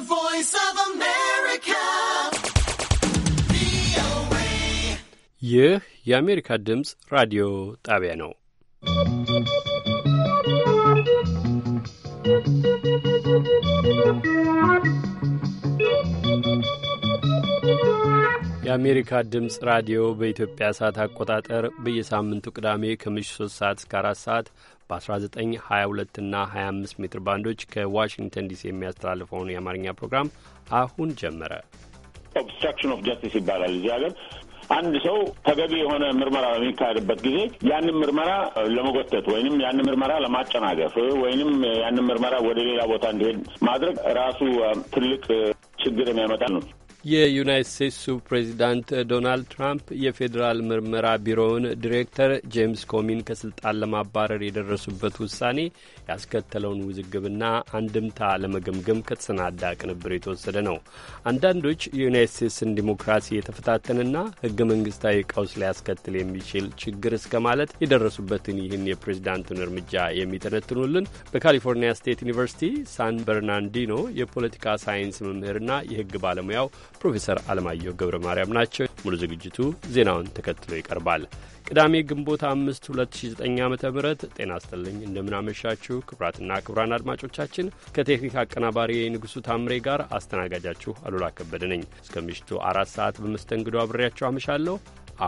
The voice of America. VOA. Yeah, yeah, America Dims Radio Taviano. የአሜሪካ ድምፅ ራዲዮ በኢትዮጵያ ሰዓት አቆጣጠር በየሳምንቱ ቅዳሜ ከምሽ 3 ሰዓት እስከ 4 ሰዓት በ1922 እና 25 ሜትር ባንዶች ከዋሽንግተን ዲሲ የሚያስተላልፈውን የአማርኛ ፕሮግራም አሁን ጀመረ። ኦብስትራክሽን ኦፍ ጃስቲስ ይባላል እዚህ ሀገር አንድ ሰው ተገቢ የሆነ ምርመራ በሚካሄድበት ጊዜ ያንን ምርመራ ለመጎተት ወይንም ያንን ምርመራ ለማጨናገፍ ወይንም ያንን ምርመራ ወደ ሌላ ቦታ እንዲሄድ ማድረግ ራሱ ትልቅ ችግር የሚያመጣ ነው። የዩናይት ስቴትሱ ፕሬዚዳንት ዶናልድ ትራምፕ የፌዴራል ምርመራ ቢሮውን ዲሬክተር ጄምስ ኮሚን ከስልጣን ለማባረር የደረሱበት ውሳኔ ያስከተለውን ውዝግብና አንድምታ ለመገምገም ከተሰናዳ ቅንብር የተወሰደ ነው። አንዳንዶች የዩናይት ስቴትስን ዲሞክራሲ የተፈታተንና ህገ መንግስታዊ ቀውስ ሊያስከትል የሚችል ችግር እስከ ማለት የደረሱበትን ይህን የፕሬዚዳንቱን እርምጃ የሚተነትኑልን በካሊፎርኒያ ስቴት ዩኒቨርሲቲ ሳን በርናንዲኖ የፖለቲካ ሳይንስ መምህርና የህግ ባለሙያው ፕሮፌሰር አለማየሁ ገብረ ማርያም ናቸው። ሙሉ ዝግጅቱ ዜናውን ተከትሎ ይቀርባል። ቅዳሜ ግንቦት አምስት 2009 ዓ ም ጤና ይስጥልኝ። እንደምናመሻችሁ ክቡራትና ክቡራን አድማጮቻችን ከቴክኒክ አቀናባሪ የንጉሡ ታምሬ ጋር አስተናጋጃችሁ አሉላ ከበደ ነኝ። እስከ ምሽቱ አራት ሰዓት በመስተንግዶ አብሬያችሁ አመሻለሁ።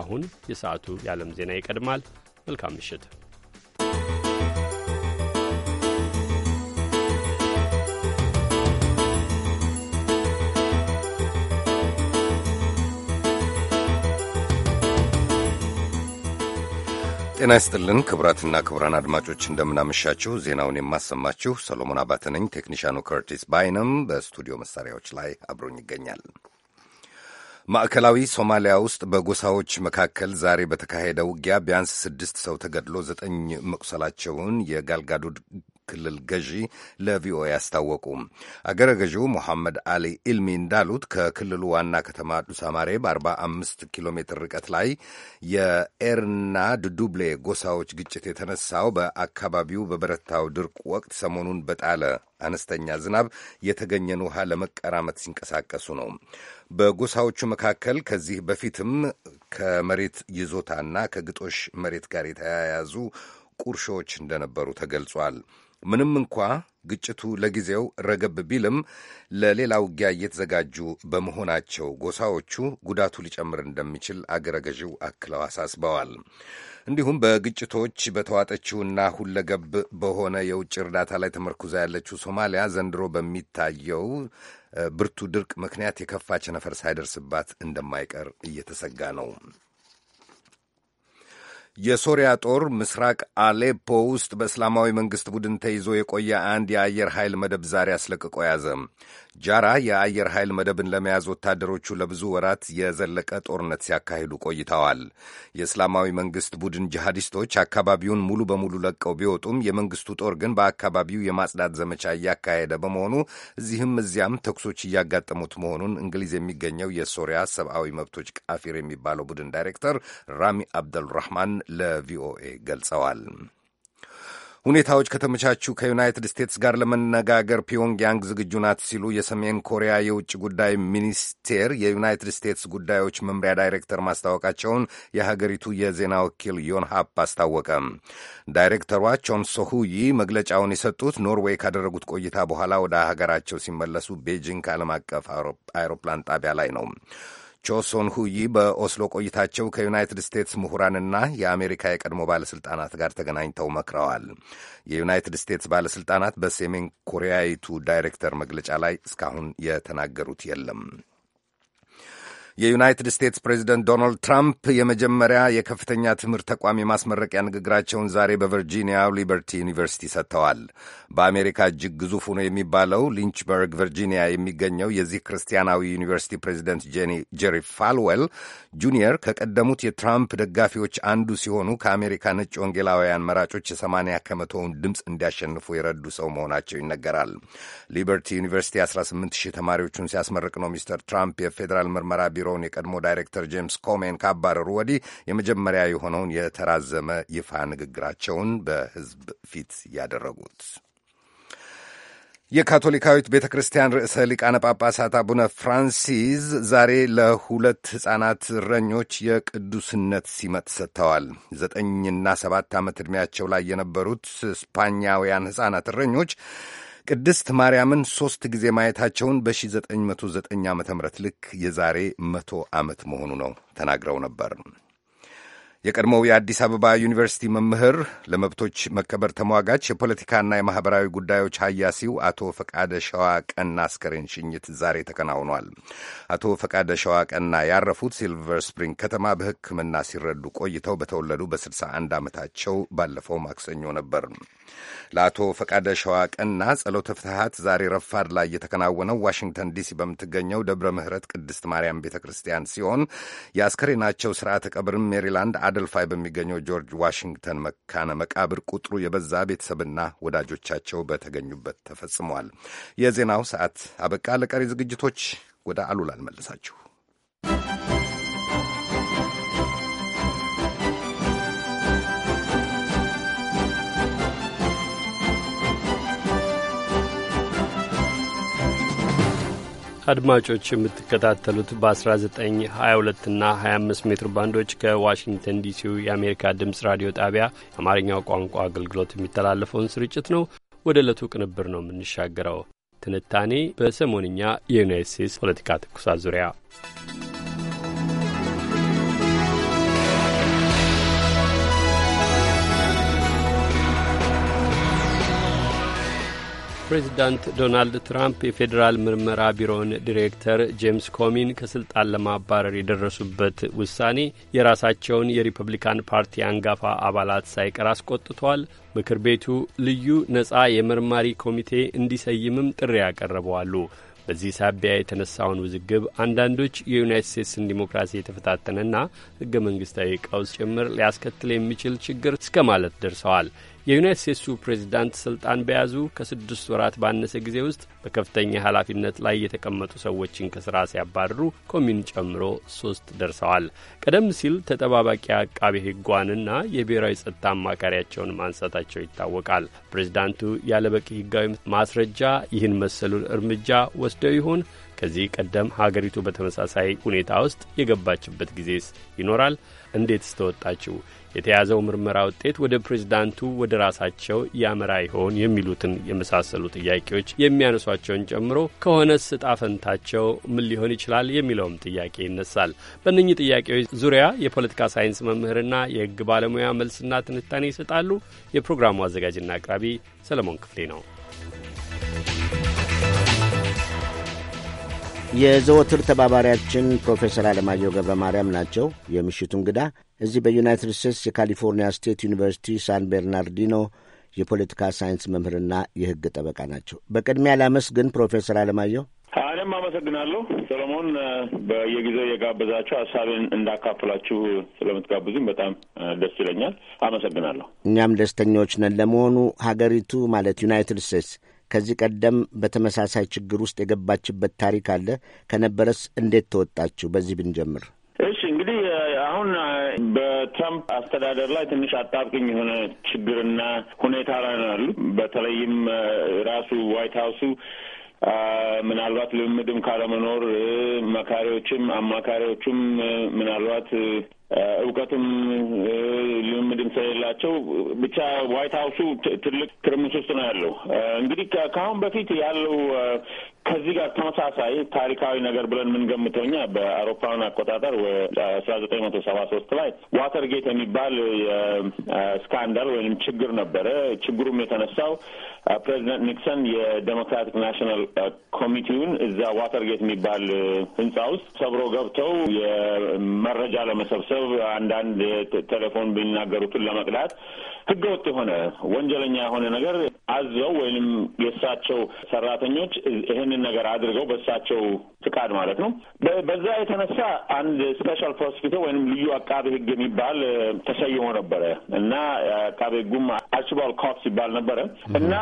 አሁን የሰዓቱ የዓለም ዜና ይቀድማል። መልካም ምሽት። ጤና ይስጥልን ክቡራትና ክቡራን አድማጮች እንደምናመሻችሁ። ዜናውን የማሰማችሁ ሰሎሞን አባተ ነኝ። ቴክኒሻኑ ከርቲስ ባይነም በስቱዲዮ መሳሪያዎች ላይ አብሮኝ ይገኛል። ማዕከላዊ ሶማሊያ ውስጥ በጎሳዎች መካከል ዛሬ በተካሄደ ውጊያ ቢያንስ ስድስት ሰው ተገድሎ ዘጠኝ መቁሰላቸውን የጋልጋዶ። ክልል ገዢ ለቪኦኤ አስታወቁ። አገረ ገዢው መሐመድ አሊ ኢልሚ እንዳሉት ከክልሉ ዋና ከተማ ዱሳማሬ በ45 ኪሎ ሜትር ርቀት ላይ የኤርና ድዱብሌ ጎሳዎች ግጭት የተነሳው በአካባቢው በበረታው ድርቅ ወቅት ሰሞኑን በጣለ አነስተኛ ዝናብ የተገኘን ውሃ ለመቀራመት ሲንቀሳቀሱ ነው። በጎሳዎቹ መካከል ከዚህ በፊትም ከመሬት ይዞታና ከግጦሽ መሬት ጋር የተያያዙ ቁርሾዎች እንደነበሩ ተገልጿል። ምንም እንኳ ግጭቱ ለጊዜው ረገብ ቢልም ለሌላ ውጊያ እየተዘጋጁ በመሆናቸው ጎሳዎቹ ጉዳቱ ሊጨምር እንደሚችል አገረ ገዢው አክለው አሳስበዋል። እንዲሁም በግጭቶች በተዋጠችውና ሁለገብ በሆነ የውጭ እርዳታ ላይ ተመርኩዛ ያለችው ሶማሊያ ዘንድሮ በሚታየው ብርቱ ድርቅ ምክንያት የከፋ ቸነፈር ሳይደርስባት እንደማይቀር እየተሰጋ ነው። የሶሪያ ጦር ምስራቅ አሌፖ ውስጥ በእስላማዊ መንግሥት ቡድን ተይዞ የቆየ አንድ የአየር ኃይል መደብ ዛሬ አስለቅቆ ያዘ። ጃራ የአየር ኃይል መደብን ለመያዝ ወታደሮቹ ለብዙ ወራት የዘለቀ ጦርነት ሲያካሂዱ ቆይተዋል። የእስላማዊ መንግሥት ቡድን ጂሃዲስቶች አካባቢውን ሙሉ በሙሉ ለቀው ቢወጡም የመንግሥቱ ጦር ግን በአካባቢው የማጽዳት ዘመቻ እያካሄደ በመሆኑ እዚህም እዚያም ተኩሶች እያጋጠሙት መሆኑን እንግሊዝ የሚገኘው የሶሪያ ሰብአዊ መብቶች ቃፊር የሚባለው ቡድን ዳይሬክተር ራሚ አብደልራህማን ለቪኦኤ ገልጸዋል። ሁኔታዎች ከተመቻቹ ከዩናይትድ ስቴትስ ጋር ለመነጋገር ፒዮንግያንግ ዝግጁ ናት ሲሉ የሰሜን ኮሪያ የውጭ ጉዳይ ሚኒስቴር የዩናይትድ ስቴትስ ጉዳዮች መምሪያ ዳይሬክተር ማስታወቃቸውን የሀገሪቱ የዜና ወኪል ዮንሃፕ አስታወቀ። ዳይሬክተሯ ቾን ሶሁይ መግለጫውን የሰጡት ኖርዌይ ካደረጉት ቆይታ በኋላ ወደ ሀገራቸው ሲመለሱ ቤጂንግ ከዓለም አቀፍ አውሮፕላን ጣቢያ ላይ ነው። ቾሶን ሁይ በኦስሎ ቆይታቸው ከዩናይትድ ስቴትስ ምሁራንና የአሜሪካ የቀድሞ ባለሥልጣናት ጋር ተገናኝተው መክረዋል። የዩናይትድ ስቴትስ ባለሥልጣናት በሰሜን ኮሪያዊቱ ዳይሬክተር መግለጫ ላይ እስካሁን የተናገሩት የለም። የዩናይትድ ስቴትስ ፕሬዚደንት ዶናልድ ትራምፕ የመጀመሪያ የከፍተኛ ትምህርት ተቋም የማስመረቂያ ንግግራቸውን ዛሬ በቨርጂኒያ ሊበርቲ ዩኒቨርሲቲ ሰጥተዋል። በአሜሪካ እጅግ ግዙፍ ሆኖ የሚባለው ሊንችበርግ ቨርጂኒያ የሚገኘው የዚህ ክርስቲያናዊ ዩኒቨርሲቲ ፕሬዚደንት ጄሪ ፋልዌል ጁኒየር ከቀደሙት የትራምፕ ደጋፊዎች አንዱ ሲሆኑ ከአሜሪካ ነጭ ወንጌላውያን መራጮች የሰማንያ ከመቶውን ድምፅ እንዲያሸንፉ የረዱ ሰው መሆናቸው ይነገራል። ሊበርቲ ዩኒቨርሲቲ 18 ሺህ ተማሪዎቹን ሲያስመርቅ ነው ሚስተር ትራምፕ የፌዴራል ምርመራ ቢሮውን የቀድሞ ዳይሬክተር ጄምስ ኮሜን ካባረሩ ወዲህ የመጀመሪያ የሆነውን የተራዘመ ይፋ ንግግራቸውን በሕዝብ ፊት ያደረጉት የካቶሊካዊት ቤተ ክርስቲያን ርዕሰ ሊቃነ ጳጳሳት አቡነ ፍራንሲስ ዛሬ ለሁለት ሕፃናት እረኞች የቅዱስነት ሲመት ሰጥተዋል። ዘጠኝና ሰባት ዓመት ዕድሜያቸው ላይ የነበሩት ስፓኛውያን ሕፃናት እረኞች ቅድስት ማርያምን ሦስት ጊዜ ማየታቸውን በ1909 ዓ ም ልክ የዛሬ መቶ ዓመት መሆኑ ነው ተናግረው ነበር። የቀድሞው የአዲስ አበባ ዩኒቨርሲቲ መምህር ለመብቶች መከበር ተሟጋች የፖለቲካና የማኅበራዊ ጉዳዮች ሀያሲው አቶ ፈቃደ ሸዋ ቀና አስከሬን ሽኝት ዛሬ ተከናውኗል። አቶ ፈቃደ ሸዋ ቀና ያረፉት ሲልቨር ስፕሪንግ ከተማ በሕክምና ሲረዱ ቆይተው በተወለዱ በ61 ዓመታቸው ባለፈው ማክሰኞ ነበር። ለአቶ ፈቃደ ሸዋ ቀና ጸሎተ ፍትሐት ዛሬ ረፋድ ላይ የተከናወነው ዋሽንግተን ዲሲ በምትገኘው ደብረ ምሕረት ቅድስት ማርያም ቤተ ክርስቲያን ሲሆን የአስከሬናቸው ሥርዓተ ቀብርም ሜሪላንድ አደልፋይ በሚገኘው ጆርጅ ዋሽንግተን መካነ መቃብር ቁጥሩ የበዛ ቤተሰብና ወዳጆቻቸው በተገኙበት ተፈጽሟል። የዜናው ሰዓት አበቃ። ለቀሪ ዝግጅቶች ወደ አሉላ አልመልሳችሁ። አድማጮች የምትከታተሉት በ1922 እና 25 ሜትር ባንዶች ከዋሽንግተን ዲሲው የአሜሪካ ድምፅ ራዲዮ ጣቢያ የአማርኛው ቋንቋ አገልግሎት የሚተላለፈውን ስርጭት ነው። ወደ ዕለቱ ቅንብር ነው የምንሻገረው። ትንታኔ በሰሞንኛ የዩናይት ስቴትስ ፖለቲካ ትኩሳት ዙሪያ ፕሬዚዳንት ዶናልድ ትራምፕ የፌዴራል ምርመራ ቢሮውን ዲሬክተር ጄምስ ኮሚን ከስልጣን ለማባረር የደረሱበት ውሳኔ የራሳቸውን የሪፐብሊካን ፓርቲ አንጋፋ አባላት ሳይቀር አስቆጥቷል። ምክር ቤቱ ልዩ ነጻ የመርማሪ ኮሚቴ እንዲሰይምም ጥሪ ያቀረበዋሉ። በዚህ ሳቢያ የተነሳውን ውዝግብ አንዳንዶች የዩናይት ስቴትስን ዲሞክራሲ የተፈታተነና ህገ መንግስታዊ ቀውስ ጭምር ሊያስከትል የሚችል ችግር እስከ ማለት ደርሰዋል። የዩናይት ስቴትሱ ፕሬዚዳንት ስልጣን በያዙ ከስድስት ወራት ባነሰ ጊዜ ውስጥ በከፍተኛ ኃላፊነት ላይ የተቀመጡ ሰዎችን ከስራ ሲያባርሩ ኮሚን ጨምሮ ሶስት ደርሰዋል። ቀደም ሲል ተጠባባቂ አቃቤ ሕጓንና የብሔራዊ ጸጥታ አማካሪያቸውን ማንሳታቸው ይታወቃል። ፕሬዚዳንቱ ያለበቂ ሕጋዊ ማስረጃ ይህን መሰሉን እርምጃ ወስደው ይሆን? ከዚህ ቀደም ሀገሪቱ በተመሳሳይ ሁኔታ ውስጥ የገባችበት ጊዜስ ይኖራል? እንዴት ስተወጣችው? የተያዘው ምርመራ ውጤት ወደ ፕሬዝዳንቱ ወደ ራሳቸው ያመራ ይሆን የሚሉትን የመሳሰሉ ጥያቄዎች የሚያነሷቸውን ጨምሮ ከሆነ ስጣፈንታቸው ምን ሊሆን ይችላል የሚለውም ጥያቄ ይነሳል። በእነኚህ ጥያቄዎች ዙሪያ የፖለቲካ ሳይንስ መምህርና የሕግ ባለሙያ መልስና ትንታኔ ይሰጣሉ። የፕሮግራሙ አዘጋጅና አቅራቢ ሰለሞን ክፍሌ ነው። የዘወትር ተባባሪያችን ፕሮፌሰር አለማየሁ ገብረ ማርያም ናቸው የምሽቱ እንግዳ። እዚህ በዩናይትድ ስቴትስ የካሊፎርኒያ ስቴት ዩኒቨርሲቲ ሳን ቤርናርዲኖ የፖለቲካ ሳይንስ መምህርና የሕግ ጠበቃ ናቸው። በቅድሚያ ላመስግን ፕሮፌሰር አለማየሁ። እኔም አመሰግናለሁ ሰሎሞን፣ በየጊዜው የጋበዛችሁ ሀሳቤን እንዳካፍላችሁ ስለምትጋብዙኝ በጣም ደስ ይለኛል። አመሰግናለሁ። እኛም ደስተኞች ነን። ለመሆኑ ሀገሪቱ ማለት ዩናይትድ ስቴትስ ከዚህ ቀደም በተመሳሳይ ችግር ውስጥ የገባችበት ታሪክ አለ? ከነበረስ እንዴት ተወጣችሁ? በዚህ ብንጀምር። እሺ እንግዲህ አሁን በትራምፕ አስተዳደር ላይ ትንሽ አጣብቅኝ የሆነ ችግርና ሁኔታ ላይ ነው ያሉ። በተለይም ራሱ ዋይት ሀውሱ ምናልባት ልምምድም ካለመኖር መካሪዎችም አማካሪዎቹም ምናልባት እውቀትም ልምምድም ስለሌላቸው ብቻ ዋይት ሀውሱ ትልቅ ትርምስ ውስጥ ነው ያለው። እንግዲህ ከአሁን በፊት ያለው ከዚህ ጋር ተመሳሳይ ታሪካዊ ነገር ብለን የምንገምተው እኛ በአውሮፓውያን አቆጣጠር አስራ ዘጠኝ መቶ ሰባ ሶስት ላይ ዋተር ጌት የሚባል ስካንዳል ወይም ችግር ነበረ። ችግሩም የተነሳው ፕሬዚደንት ኒክሰን የዴሞክራቲክ ናሽናል ኮሚቲውን እዛ ዋተር ጌት የሚባል ህንጻ ውስጥ ሰብሮ ገብተው የመረጃ ለመሰብሰብ አንዳንድ ቴሌፎን የሚናገሩትን ለመቅዳት ህገወጥ የሆነ ወንጀለኛ የሆነ ነገር አዘው ወይንም የእሳቸው ሰራተኞች ይህንን ነገር አድርገው በእሳቸው ፍቃድ ማለት ነው። በዛ የተነሳ አንድ ስፔሻል ፕሮሲኪተር ወይም ልዩ አቃቢ ህግ የሚባል ተሰይሞ ነበረ እና አቃቢ ህጉም አርችቦል ኮክስ ይባል ነበረ እና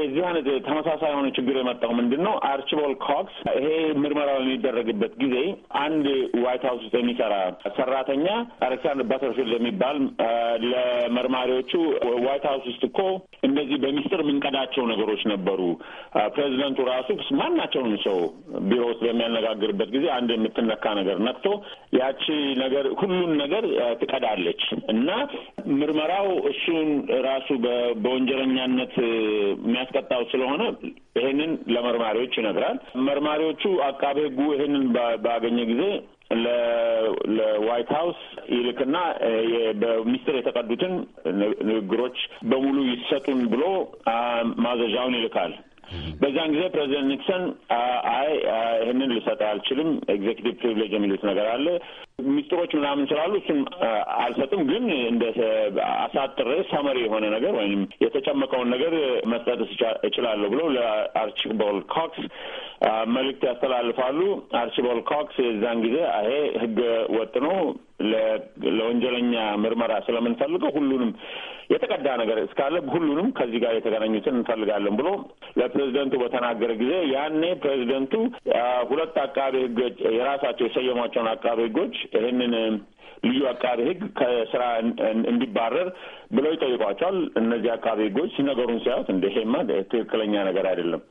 የዚህ አይነት ተመሳሳይ የሆነ ችግር የመጣው ምንድን ነው? አርችቦል ኮክስ ይሄ ምርመራ በሚደረግበት ጊዜ አንድ ዋይት ሀውስ ውስጥ የሚሰራ ሰራተኛ አሌክሳንደር በተርፊልድ የሚባል ለመርማሪዎቹ ዋይት ሀውስ ውስጥ እኮ እነዚህ በሚስጥር የምንቀዳቸው ነገሮች ነበሩ፣ ፕሬዚደንቱ ራሱ ማናቸውን ሰው ቢሮ ውስጥ በሚያ በሚያነጋግርበት ጊዜ አንድ የምትነካ ነገር ነክቶ ያቺ ነገር ሁሉን ነገር ትቀዳለች እና ምርመራው እሱን ራሱ በወንጀለኛነት የሚያስቀጣው ስለሆነ ይሄንን ለመርማሪዎች ይነግራል። መርማሪዎቹ አቃቤ ሕጉ ይሄንን ባገኘ ጊዜ ለዋይት ሀውስ ይልክና በሚስጥር የተቀዱትን ንግግሮች በሙሉ ይሰጡን ብሎ ማዘዣውን ይልካል። Mm-hmm. በዛን ጊዜ ፕሬዚደንት ኒክሰን አይ ይህንን ልሰጥ አልችልም፣ ኤግዜኪቲቭ ፕሪቪሌጅ የሚሉት ነገር አለ ሚስጥሮች ምናምን ስላሉ እሱም አልሰጥም፣ ግን እንደ አሳጥሬ ሰመሪ የሆነ ነገር ወይም የተጨመቀውን ነገር መስጠት እችላለሁ ብለው ለአርቺቦል ኮክስ መልእክት ያስተላልፋሉ። አርቺቦል ኮክስ የዛን ጊዜ ይሄ ህገ ወጥ ነው ለወንጀለኛ ምርመራ ስለምንፈልገው ሁሉንም የተቀዳ ነገር እስካለ ሁሉንም ከዚህ ጋር የተገናኙትን እንፈልጋለን ብሎ ለፕሬዚደንቱ በተናገረ ጊዜ ያኔ ፕሬዚደንቱ ሁለት አቃቤ ሕጎች የራሳቸው የሰየሟቸውን አቃቤ ሕጎች ይህንን ልዩ አቃቤ ሕግ ከስራ እንዲባረር ብለው ይጠይቋቸዋል። እነዚህ አቃቤ ሕጎች ሲነገሩን ሲያዩት እንደ ሄማ ትክክለኛ ነገር አይደለም።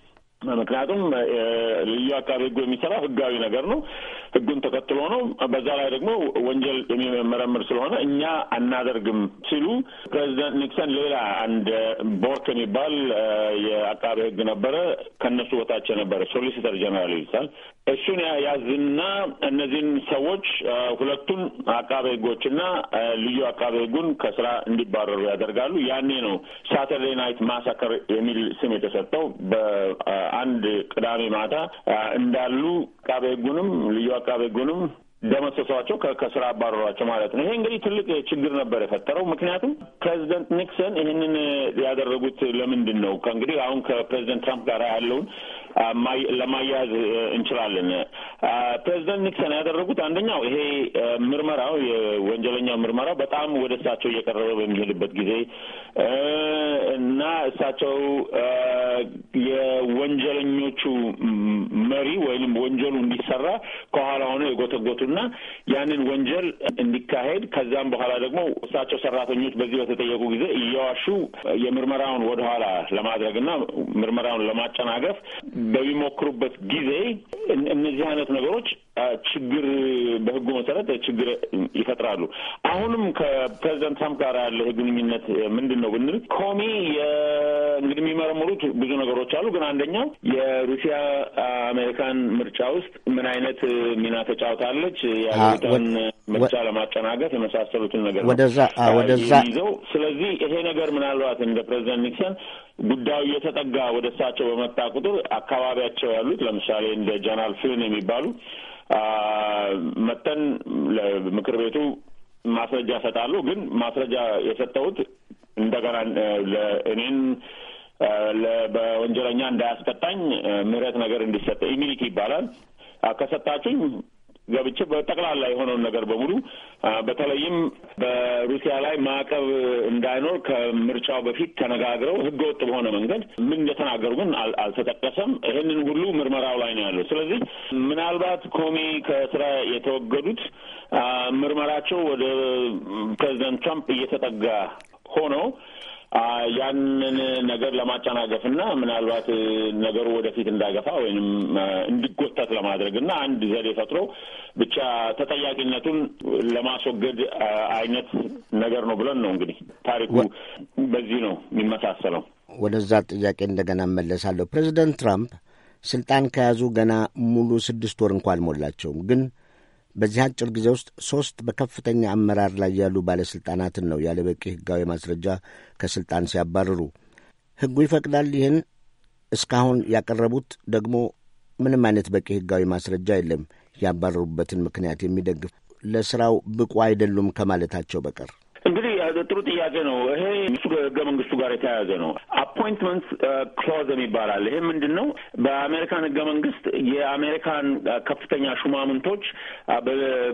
ምክንያቱም ልዩ አቃቤ ሕጉ የሚሰራው ህጋዊ ነገር ነው። ህጉን ተከትሎ ነው። በዛ ላይ ደግሞ ወንጀል የሚመረምር ስለሆነ እኛ አናደርግም ሲሉ ፕሬዚደንት ኒክሰን ሌላ አንድ ቦርክ የሚባል የአቃቤ ህግ ነበረ፣ ከነሱ በታች ነበረ ሶሊሲተር ጀነራል ይልሳል። እሱን ያዝና እነዚህን ሰዎች ሁለቱም አቃቤ ሕጎችና ልዩ አቃቤ ህጉን ከስራ እንዲባረሩ ያደርጋሉ። ያኔ ነው ሳተርዴ ናይት ማሳከር የሚል ስም የተሰጠው። በአንድ ቅዳሜ ማታ እንዳሉ አቃቤ ህጉንም ልዩ አቃቤ ህጉንም ደመሰሷቸው፣ ከስራ አባረሯቸው ማለት ነው። ይሄ እንግዲህ ትልቅ ችግር ነበር የፈጠረው። ምክንያቱም ፕሬዚደንት ኒክሰን ይህንን ያደረጉት ለምንድን ነው? ከእንግዲህ አሁን ከፕሬዚደንት ትራምፕ ጋር ያለውን ለማያያዝ እንችላለን። ፕሬዚደንት ኒክሰን ያደረጉት አንደኛው ይሄ ምርመራው የወንጀለኛው ምርመራው በጣም ወደ እሳቸው እየቀረበ በሚሄድበት ጊዜ እና እሳቸው የወንጀለኞቹ መሪ ወይም ወንጀሉ እንዲሰራ ከኋላ ሆነው የጎተጎቱና ያንን ወንጀል እንዲካሄድ ከዛም በኋላ ደግሞ እሳቸው ሰራተኞች በዚህ በተጠየቁ ጊዜ እየዋሹ የምርመራውን ወደኋላ ለማድረግና ምርመራውን ለማጨናገፍ በሚሞክሩበት ጊዜ እነዚህ አይነት ነገሮች ችግር በህጉ መሰረት ችግር ይፈጥራሉ። አሁንም ከፕሬዚዳንት ትራምፕ ጋር ያለ ግንኙነት ምንድን ነው ብንል ኮሚ እንግዲህ የሚመረምሩት ብዙ ነገሮች አሉ። ግን አንደኛው የሩሲያ አሜሪካን ምርጫ ውስጥ ምን አይነት ሚና ተጫውታለች፣ የአሜሪካን ምርጫ ለማጨናገፍ የመሳሰሉትን ነገር ወደዛ ይዘው ስለዚህ ይሄ ነገር ምናልባት እንደ ፕሬዚዳንት ኒክሰን ጉዳዩ የተጠጋ ወደ እሳቸው በመጣ ቁጥር አካባቢያቸው ያሉት ለምሳሌ እንደ ጀነራል ፍሊን የሚባሉ መተን ለምክር ቤቱ ማስረጃ ይሰጣሉ። ግን ማስረጃ የሰጠሁት እንደገና እኔን በወንጀለኛ እንዳያስቀጣኝ ምህረት ነገር እንዲሰጠ ኢሚኒቲ ይባላል ከሰጣችሁኝ ገብቼ በጠቅላላ የሆነውን ነገር በሙሉ በተለይም በሩሲያ ላይ ማዕቀብ እንዳይኖር ከምርጫው በፊት ተነጋግረው ህገወጥ በሆነ መንገድ ምን እንደተናገሩ ግን አልተጠቀሰም። ይህንን ሁሉ ምርመራው ላይ ነው ያለው። ስለዚህ ምናልባት ኮሚ ከስራ የተወገዱት ምርመራቸው ወደ ፕሬዚደንት ትራምፕ እየተጠጋ ሆነው ያንን ነገር ለማጨናገፍና ምናልባት ነገሩ ወደፊት እንዳገፋ ወይም እንዲጎተት ለማድረግ እና አንድ ዘዴ ፈጥሮ ብቻ ተጠያቂነቱን ለማስወገድ አይነት ነገር ነው ብለን ነው እንግዲህ ታሪኩ በዚህ ነው የሚመሳሰለው። ወደዛ ጥያቄ እንደገና እመለሳለሁ። ፕሬዚደንት ትራምፕ ስልጣን ከያዙ ገና ሙሉ ስድስት ወር እንኳ አልሞላቸውም ግን በዚህ አጭር ጊዜ ውስጥ ሶስት በከፍተኛ አመራር ላይ ያሉ ባለሥልጣናትን ነው ያለ በቂ ሕጋዊ ማስረጃ ከሥልጣን ሲያባርሩ። ሕጉ ይፈቅዳል። ይህን እስካሁን ያቀረቡት ደግሞ ምንም አይነት በቂ ሕጋዊ ማስረጃ የለም ያባረሩበትን ምክንያት የሚደግፍ ለሥራው ብቁ አይደሉም ከማለታቸው በቀር። ጥሩ ጥያቄ ነው። ይሄ እሱ ከህገ መንግስቱ ጋር የተያያዘ ነው። አፖይንትመንት ክሎዝ uh, የሚባል አለ። ይሄ ምንድን ነው? በአሜሪካን ህገ መንግስት የአሜሪካን uh, ከፍተኛ ሹማምንቶች uh,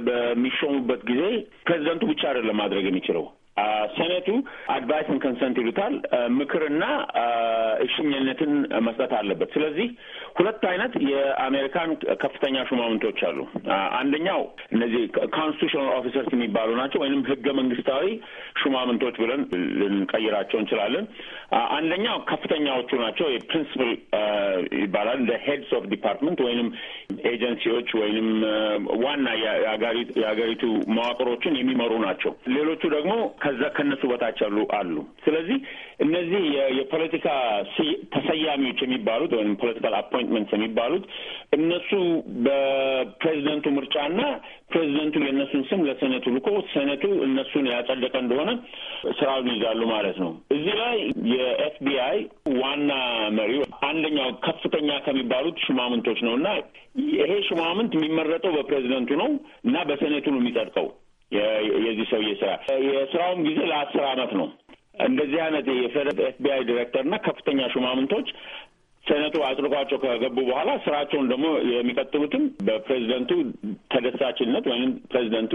በሚሾሙበት ጊዜ ፕሬዚደንቱ ብቻ አይደለም ማድረግ የሚችለው ሰነቱ አድቫይስን ከንሰንት ይሉታል። ምክርና እሽኝነትን መስጠት አለበት። ስለዚህ ሁለት አይነት የአሜሪካን ከፍተኛ ሹማምንቶች አሉ። አንደኛው እነዚህ ኮንስቲቱሽናል ኦፊሰርስ የሚባሉ ናቸው፣ ወይም ህገ መንግስታዊ ሹማምንቶች ብለን ልንቀይራቸው እንችላለን። አንደኛው ከፍተኛዎቹ ናቸው። የፕሪንስፕል ይባላል። ሄድስ ኦፍ ዲፓርትመንት ወይንም ኤጀንሲዎች ወይንም ዋና የሀገሪቱ መዋቅሮችን የሚመሩ ናቸው። ሌሎቹ ደግሞ ከዛ ከነሱ በታች ያሉ አሉ። ስለዚህ እነዚህ የፖለቲካ ተሰያሚዎች የሚባሉት ወይም ፖለቲካል አፖይንትመንትስ የሚባሉት እነሱ በፕሬዚደንቱ ምርጫና ፕሬዚደንቱ የእነሱን ስም ለሴኔቱ ልኮ ሴኔቱ እነሱን ያጸደቀ እንደሆነ ስራውን ይይዛሉ ማለት ነው። እዚህ ላይ የኤፍቢአይ ዋና መሪው አንደኛው ከፍተኛ ከሚባሉት ሹማምንቶች ነው እና ይሄ ሹማምንት የሚመረጠው በፕሬዚደንቱ ነው እና በሴኔቱ ነው የሚጸድቀው የዚህ ሰውዬ ስራ የስራውም ጊዜ ለአስር አመት ነው። እንደዚህ አይነት የኤፍቢአይ ዲሬክተርና ከፍተኛ ሹማምንቶች ሴኔቱ አጽድቋቸው ከገቡ በኋላ ስራቸውን ደግሞ የሚቀጥሉትን በፕሬዚደንቱ ተደሳችነት ወይም ፕሬዚደንቱ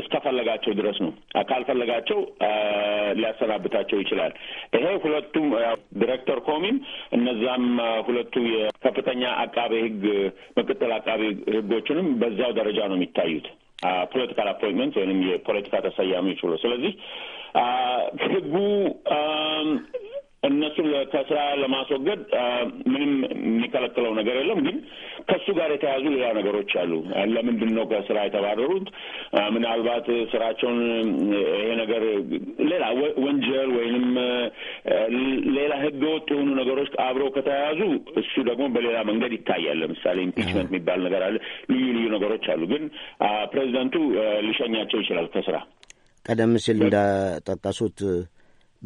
እስከፈለጋቸው ድረስ ነው። ካልፈለጋቸው ሊያሰናብታቸው ይችላል። ይሄ ሁለቱም ዲሬክተር ኮሚም እነዛም ሁለቱ የከፍተኛ አቃቤ ሕግ ምክትል አቃቤ ሕጎችንም በዛው ደረጃ ነው የሚታዩት። ፖለቲካል አፖይንትመንት ወይም የፖለቲካ ተሰያሚዎች ብሎ ስለዚህ ህጉ እነሱን ከስራ ለማስወገድ ምንም የሚከለክለው ነገር የለም። ግን ከሱ ጋር የተያዙ ሌላ ነገሮች አሉ። ለምንድን ነው ከስራ የተባረሩት? ምናልባት ስራቸውን ይሄ ነገር ሌላ ወንጀል ወይንም ሌላ ህገወጥ የሆኑ ነገሮች አብረው ከተያያዙ እሱ ደግሞ በሌላ መንገድ ይታያል። ለምሳሌ ኢምፒችመንት የሚባል ነገር አለ። ልዩ ልዩ ነገሮች አሉ። ግን ፕሬዚደንቱ ሊሸኛቸው ይችላል ከስራ ቀደም ሲል እንዳጠቀሱት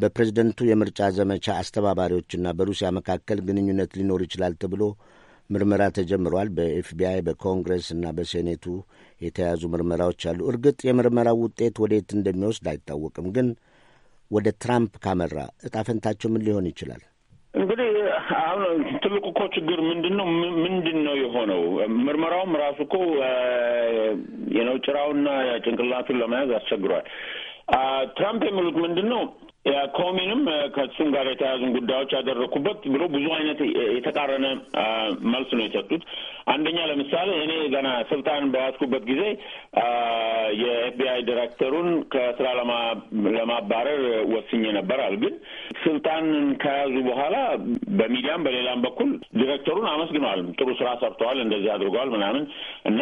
በፕሬዝደንቱ የምርጫ ዘመቻ አስተባባሪዎችና በሩሲያ መካከል ግንኙነት ሊኖር ይችላል ተብሎ ምርመራ ተጀምሯል። በኤፍቢአይ በኮንግረስ እና በሴኔቱ የተያዙ ምርመራዎች አሉ። እርግጥ የምርመራው ውጤት ወዴት እንደሚወስድ አይታወቅም። ግን ወደ ትራምፕ ካመራ እጣፈንታቸው ምን ሊሆን ይችላል? እንግዲህ አሁን ትልቁ እኮ ችግር ምንድን ነው? ምንድን ነው የሆነው? ምርመራውም ራሱ እኮ የነው ጭራውና ጭንቅላቱን ለመያዝ አስቸግሯል። ትራምፕ የሚሉት ምንድን ነው? ኮሚንም ከሱም ጋር የተያያዙን ጉዳዮች ያደረግኩበት ብሎ ብዙ አይነት የተቃረነ መልስ ነው የሰጡት። አንደኛ ለምሳሌ እኔ ገና ስልጣን በያዝኩበት ጊዜ የኤፍቢአይ ዲሬክተሩን ከስራ ለማባረር ወስኜ ነበራል። ግን ስልጣንን ከያዙ በኋላ በሚዲያም በሌላም በኩል ዲሬክተሩን አመስግነዋል። ጥሩ ስራ ሰርተዋል፣ እንደዚህ አድርገዋል ምናምን እና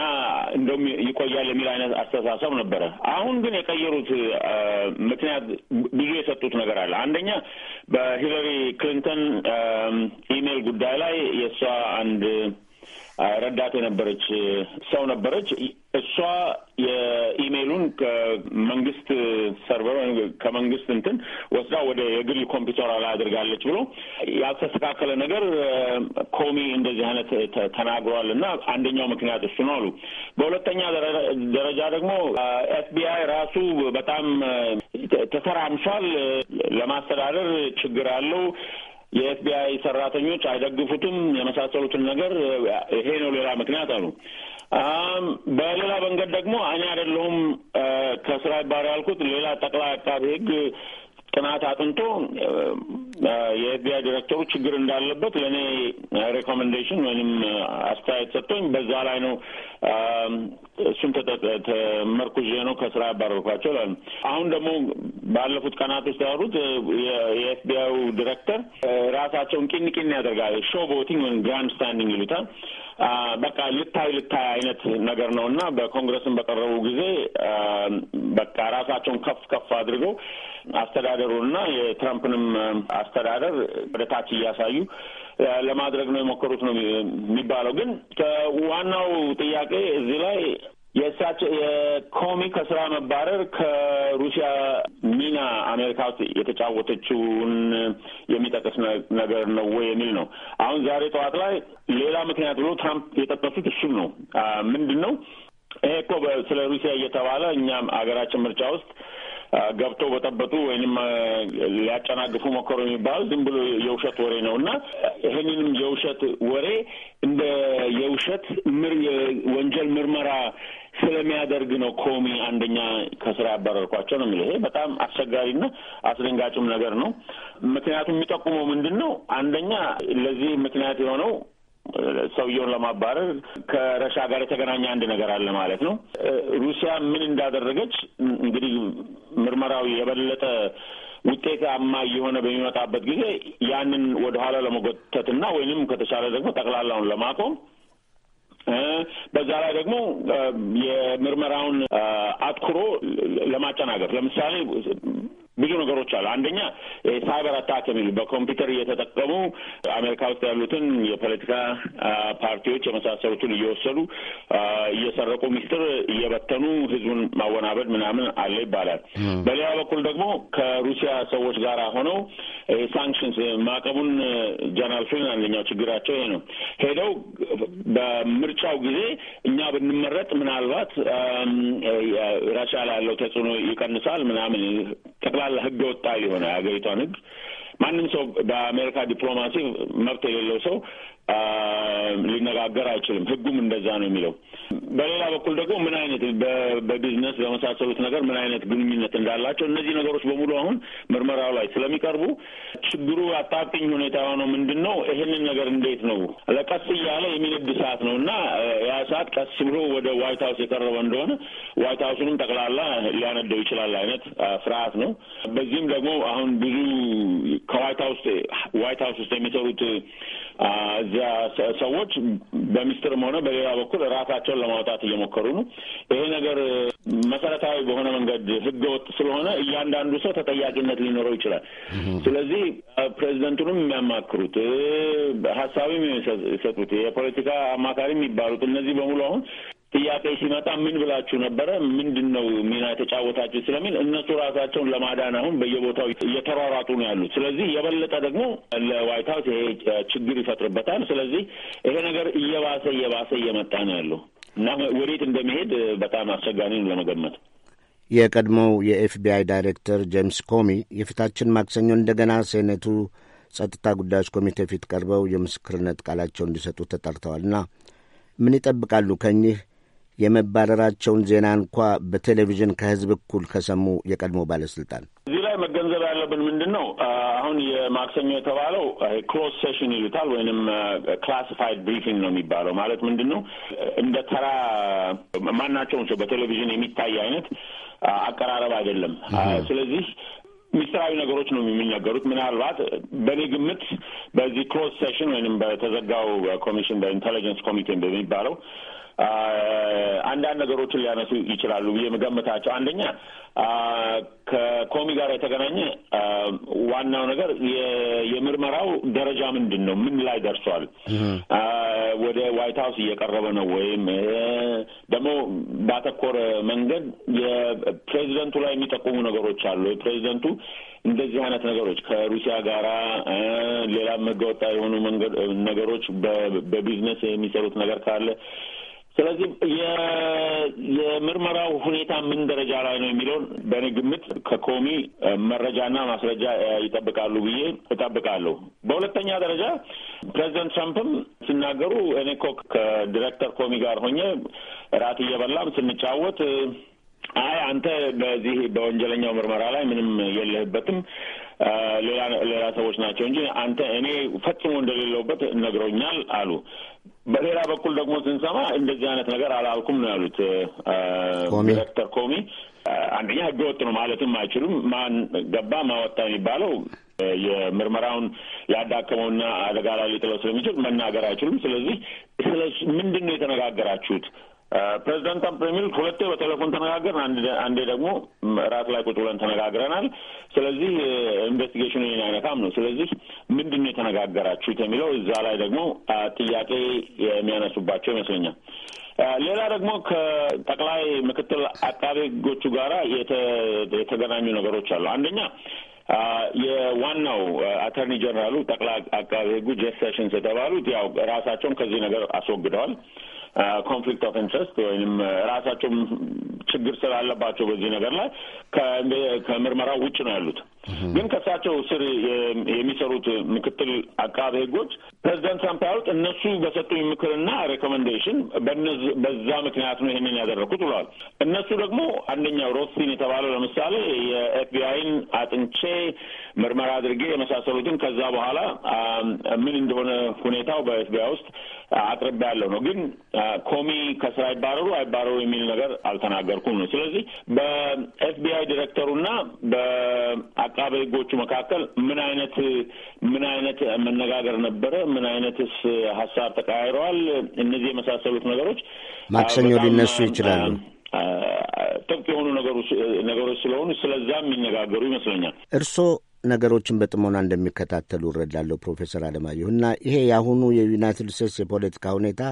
እንደውም ይቆያል የሚል አይነት አስተሳሰብ ነበረ። አሁን ግን የቀየሩት ምክንያት ብዙ የሰጡት ያነሱት ነገር አለ። አንደኛ በሂለሪ ክሊንተን ኢሜይል ጉዳይ ላይ የእሷ አንድ ረዳት የነበረች ሰው ነበረች። እሷ የኢሜይሉን ከመንግስት ሰርቨር ወይም ከመንግስት እንትን ወስዳ ወደ የግል ኮምፒውተር ላይ አድርጋለች ብሎ ያልተስተካከለ ነገር ኮሚ እንደዚህ አይነት ተናግሯል እና አንደኛው ምክንያት እሱ ነው አሉ። በሁለተኛ ደረጃ ደግሞ ኤፍቢአይ ራሱ በጣም ተተራምሷል፣ ለማስተዳደር ችግር አለው የኤፍቢአይ ሰራተኞች አይደግፉትም የመሳሰሉትን ነገር ይሄ ነው ሌላ ምክንያት አሉ። በሌላ መንገድ ደግሞ እኔ አይደለሁም ከስራ ይባር ያልኩት ሌላ ጠቅላይ አቃቢ ሕግ ጥናት አጥንቶ የኤፍቢአይ ዲሬክተሩ ችግር እንዳለበት ለእኔ ሬኮሜንዴሽን ወይም አስተያየት ሰጥቶኝ በዛ ላይ ነው እሱን ተመርኩዤ ነው ከስራ ያባረርኳቸው ላሉ። አሁን ደግሞ ባለፉት ቀናት ውስጥ ያወሩት የኤፍቢአይ ዲሬክተር ራሳቸውን ቂን ቂን ያደርጋል። ሾ ቦቲንግ ወይም ግራንድ ስታንዲንግ ይሉታል። በቃ ልታይ ልታይ አይነት ነገር ነው እና በኮንግረስን በቀረቡ ጊዜ በቃ ራሳቸውን ከፍ ከፍ አድርገው እና የትራምፕንም አስተዳደር ወደ ታች እያሳዩ ለማድረግ ነው የሞከሩት ነው የሚባለው። ግን ከዋናው ጥያቄ እዚህ ላይ የእሳቸው የኮሚ ከስራ መባረር ከሩሲያ ሚና አሜሪካ ውስጥ የተጫወተችውን የሚጠቅስ ነገር ነው ወይ የሚል ነው። አሁን ዛሬ ጠዋት ላይ ሌላ ምክንያት ብሎ ትራምፕ የጠቀሱት እሱም ነው። ምንድን ነው ይሄ እኮ ስለ ሩሲያ እየተባለ እኛም ሀገራችን ምርጫ ውስጥ ገብተው በጠበጡ ወይንም ሊያጨናግፉ ሞከሩ የሚባል ዝም ብሎ የውሸት ወሬ ነው እና ይህንንም የውሸት ወሬ እንደ የውሸት ወንጀል ምርመራ ስለሚያደርግ ነው ኮሚ አንደኛ ከስራ ያባረርኳቸው ነው የሚለው። ይሄ በጣም አስቸጋሪና አስደንጋጭም ነገር ነው። ምክንያቱም የሚጠቁመው ምንድን ነው? አንደኛ ለዚህ ምክንያት የሆነው ሰውየውን ለማባረር ከረሻ ጋር የተገናኘ አንድ ነገር አለ ማለት ነው። ሩሲያ ምን እንዳደረገች እንግዲህ ምርመራው የበለጠ ውጤታማ እየሆነ በሚመጣበት ጊዜ ያንን ወደኋላ ለመጎተትና ወይንም ከተሻለ ደግሞ ጠቅላላውን ለማቆም በዛ ላይ ደግሞ የምርመራውን አትኩሮ ለማጨናገፍ ለምሳሌ ብዙ ነገሮች አሉ። አንደኛ ሳይበር አታክ የሚሉ በኮምፒውተር እየተጠቀሙ አሜሪካ ውስጥ ያሉትን የፖለቲካ ፓርቲዎች የመሳሰሉትን እየወሰዱ እየሰረቁ ሚስጥር እየበተኑ ህዝቡን ማወናበድ ምናምን አለ ይባላል። በሌላ በኩል ደግሞ ከሩሲያ ሰዎች ጋር ሆነው ሳንክሽንስ ማዕቀቡን ጀነራል ፍሊን አንደኛው ችግራቸው ይሄ ነው። ሄደው በምርጫው ጊዜ እኛ ብንመረጥ ምናልባት ራሽያ ላይ ያለው ተጽዕኖ ይቀንሳል ምናምን ጠቅላ ቃል ህገ ወጣ የሆነ ሀገሪቷን ህግ ማንም ሰው በአሜሪካ ዲፕሎማሲ መብት የሌለው ሰው ሊነጋገር አይችልም። ህጉም እንደዛ ነው የሚለው። በሌላ በኩል ደግሞ ምን አይነት በቢዝነስ በመሳሰሉት ነገር ምን አይነት ግንኙነት እንዳላቸው እነዚህ ነገሮች በሙሉ አሁን ምርመራው ላይ ስለሚቀርቡ ችግሩ አጣብቂኝ ሁኔታ የሆነው ምንድን ነው? ይህንን ነገር እንዴት ነው ለቀስ እያለ የሚነድ እሳት ነው እና ያ ሰዓት ቀስ ብሎ ወደ ዋይት ሀውስ የቀረበ እንደሆነ ዋይት ሀውሱንም ጠቅላላ ሊያነደው ይችላል አይነት ፍርሃት ነው። በዚህም ደግሞ አሁን ብዙ ከዋይት ሀውስ ዋይት ሀውስ ውስጥ የሚሰሩት እዚያ ሰዎች በሚስጥርም ሆነ በሌላ በኩል ራሳቸውን ለማውጣት እየሞከሩ ነው። ይሄ ነገር መሰረታዊ በሆነ መንገድ ህገወጥ ስለሆነ እያንዳንዱ ሰው ተጠያቂነት ሊኖረው ይችላል። ስለዚህ ፕሬዚደንቱንም የሚያማክሩት ሀሳብም የሚሰጡት የፖለቲካ አማካሪ የሚባሉት እነዚህ በሙሉ አሁን ጥያቄ ሲመጣ ምን ብላችሁ ነበረ? ምንድን ነው ሚና የተጫወታችሁ ስለሚል እነሱ ራሳቸውን ለማዳን አሁን በየቦታው እየተሯሯጡ ነው ያሉት። ስለዚህ የበለጠ ደግሞ ለዋይት ሀውስ ይሄ ችግር ይፈጥርበታል። ስለዚህ ይሄ ነገር እየባሰ እየባሰ እየመጣ ነው ያለው እና ወዴት እንደሚሄድ በጣም አስቸጋሪ ነው ለመገመት። የቀድሞው የኤፍቢአይ ዳይሬክተር ጄምስ ኮሚ የፊታችን ማክሰኞ እንደገና ሴኔቱ ጸጥታ ጉዳዮች ኮሚቴ ፊት ቀርበው የምስክርነት ቃላቸው እንዲሰጡ ተጠርተዋልና ምን ይጠብቃሉ ከኚህ የመባረራቸውን ዜና እንኳ በቴሌቪዥን ከህዝብ እኩል ከሰሙ የቀድሞ ባለስልጣን እዚህ ላይ መገንዘብ ያለብን ምንድን ነው? አሁን የማክሰኞ የተባለው ክሎዝ ሴሽን ይሉታል ወይንም ክላሲፋይድ ብሪፊንግ ነው የሚባለው። ማለት ምንድን ነው እንደ ተራ ማናቸውን ሰው በቴሌቪዥን የሚታይ አይነት አቀራረብ አይደለም። ስለዚህ ሚስጥራዊ ነገሮች ነው የሚነገሩት። ምናልባት በእኔ ግምት በዚህ ክሎዝ ሴሽን ወይንም በተዘጋው ኮሚሽን በኢንቴሊጀንስ ኮሚቴ በሚባለው አንዳንድ ነገሮችን ሊያነሱ ይችላሉ ብዬ የምገምታቸው አንደኛ ከኮሚ ጋር የተገናኘ ዋናው ነገር የምርመራው ደረጃ ምንድን ነው? ምን ላይ ደርሷል? ወደ ዋይት ሀውስ እየቀረበ ነው ወይም ደግሞ ባተኮረ መንገድ የፕሬዚደንቱ ላይ የሚጠቁሙ ነገሮች አሉ። የፕሬዚደንቱ እንደዚህ አይነት ነገሮች ከሩሲያ ጋራ ሌላም ህገወጣ የሆኑ መንገድ ነገሮች በቢዝነስ የሚሰሩት ነገር ካለ ስለዚህ የምርመራው ሁኔታ ምን ደረጃ ላይ ነው የሚለውን በእኔ ግምት ከኮሚ መረጃና ማስረጃ ይጠብቃሉ ብዬ እጠብቃለሁ። በሁለተኛ ደረጃ ፕሬዚደንት ትራምፕም ሲናገሩ እኔ እኮ ከዲሬክተር ኮሚ ጋር ሆኜ እራት እየበላም ስንጫወት አይ አንተ በዚህ በወንጀለኛው ምርመራ ላይ ምንም የለህበትም ሌላ ሰዎች ናቸው እንጂ አንተ እኔ ፈጽሞ እንደሌለውበት ነግሮኛል አሉ። በሌላ በኩል ደግሞ ስንሰማ እንደዚህ አይነት ነገር አላልኩም ነው ያሉት ዲሬክተር ኮሚ። አንደኛ ህገወጥ ነው ማለትም አይችሉም። ማን ገባ ማወጣ የሚባለው የምርመራውን ሊያዳክመውና አደጋ ላይ ሊጥለው ስለሚችል መናገር አይችሉም። ስለዚህ ስለ ምንድን ነው የተነጋገራችሁት? ፕሬዚዳንት የሚሉት ሁለቴ በቴሌፎን ተነጋገርን። አንዴ ደግሞ ራት ላይ ቁጭ ብለን ተነጋግረናል። ስለዚህ ኢንቨስቲጌሽኑ ይህን አይነካም ነው። ስለዚህ ምንድን ነው የተነጋገራችሁት የሚለው እዛ ላይ ደግሞ ጥያቄ የሚያነሱባቸው ይመስለኛል። ሌላ ደግሞ ከጠቅላይ ምክትል አቃቤ ሕጎቹ ጋራ የተገናኙ ነገሮች አሉ። አንደኛ የዋናው አተርኒ ጀነራሉ ጠቅላይ አቃቤ ሕጉ ጄፍ ሴሽንስ የተባሉት ያው ራሳቸውን ከዚህ ነገር አስወግደዋል። ኮንፍሊክት ኦፍ ኢንትረስት ወይም ራሳቸውም ችግር ስላለባቸው በዚህ ነገር ላይ ከምርመራው ውጭ ነው ያሉት። ግን ከእሳቸው ስር የሚሰሩት ምክትል አቃቤ ህጎች ፕሬዚዳንት ትራምፕ ያሉት እነሱ በሰጡኝ ምክርና ሬኮመንዴሽን በዛ ምክንያት ነው ይህንን ያደረግኩት ብለዋል። እነሱ ደግሞ አንደኛው ሮስቲን የተባለው ለምሳሌ የኤፍቢአይን አጥንቼ ምርመራ አድርጌ የመሳሰሉትን ከዛ በኋላ ምን እንደሆነ ሁኔታው በኤፍቢአይ ውስጥ አቅርቤ ያለው ነው። ግን ኮሚ ከስራ ይባረሩ አይባረሩ የሚል ነገር አልተናገርኩም ነው። ስለዚህ በኤፍቢአይ ዲሬክተሩና አቃቤ ህጎቹ መካከል ምን አይነት ምን አይነት መነጋገር ነበረ? ምን አይነትስ ሀሳብ ተቀያይረዋል? እነዚህ የመሳሰሉት ነገሮች ማክሰኞ ሊነሱ ይችላሉ። ጥብቅ የሆኑ ነገሮች ስለሆኑ ስለዛ የሚነጋገሩ ይመስለኛል። እርስዎ ነገሮችን በጥሞና እንደሚከታተሉ እረዳለሁ ፕሮፌሰር አለማየሁ እና ይሄ የአሁኑ የዩናይትድ ስቴትስ የፖለቲካ ሁኔታ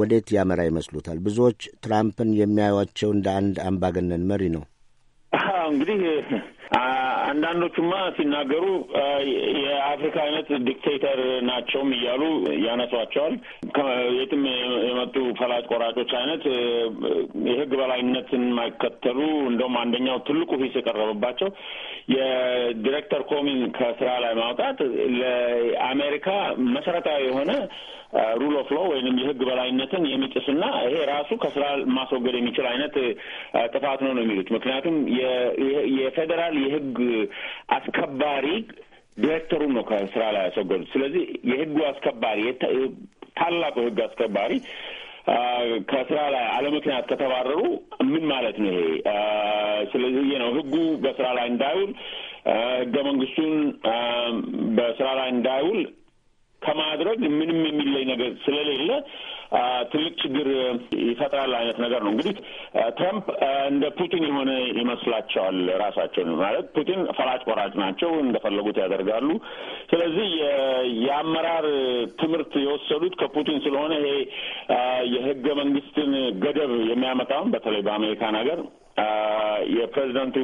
ወዴት ያመራ ይመስሉታል? ብዙዎች ትራምፕን የሚያዩቸው እንደ አንድ አምባገነን መሪ ነው። እንግዲህ አንዳንዶቹማ ሲናገሩ የአፍሪካ አይነት ዲክቴተር ናቸውም እያሉ ያነሷቸዋል። የትም የመጡ ፈላጭ ቆራጮች አይነት የህግ በላይነትን የማይከተሉ እንደውም አንደኛው ትልቁ ሂስ የቀረበባቸው የዲሬክተር ኮሚን ከስራ ላይ ማውጣት ለአሜሪካ መሰረታዊ የሆነ ሩል ኦፍ ሎ ወይም የህግ በላይነትን የሚጥስና ይሄ ራሱ ከስራ ማስወገድ የሚችል አይነት ጥፋት ነው ነው የሚሉት። ምክንያቱም የፌዴራል የህግ አስከባሪ ዲሬክተሩን ነው ከስራ ላይ ያስወገዱት። ስለዚህ የህጉ አስከባሪ ታላቁ ህግ አስከባሪ ከስራ ላይ አለምክንያት ከተባረሩ ምን ማለት ነው ይሄ? ስለዚህ ነው ህጉ በስራ ላይ እንዳይውል ህገ መንግስቱን በስራ ላይ እንዳይውል ከማድረግ ምንም የሚለይ ነገር ስለሌለ ትልቅ ችግር ይፈጥራል አይነት ነገር ነው። እንግዲህ ትራምፕ እንደ ፑቲን የሆነ ይመስላቸዋል ራሳቸውን። ማለት ፑቲን ፈላጭ ቆራጭ ናቸው፣ እንደፈለጉት ያደርጋሉ። ስለዚህ የአመራር ትምህርት የወሰዱት ከፑቲን ስለሆነ ይሄ የህገ መንግስትን ገደብ የሚያመጣውን በተለይ በአሜሪካን ሀገር የፕሬዚዳንቱ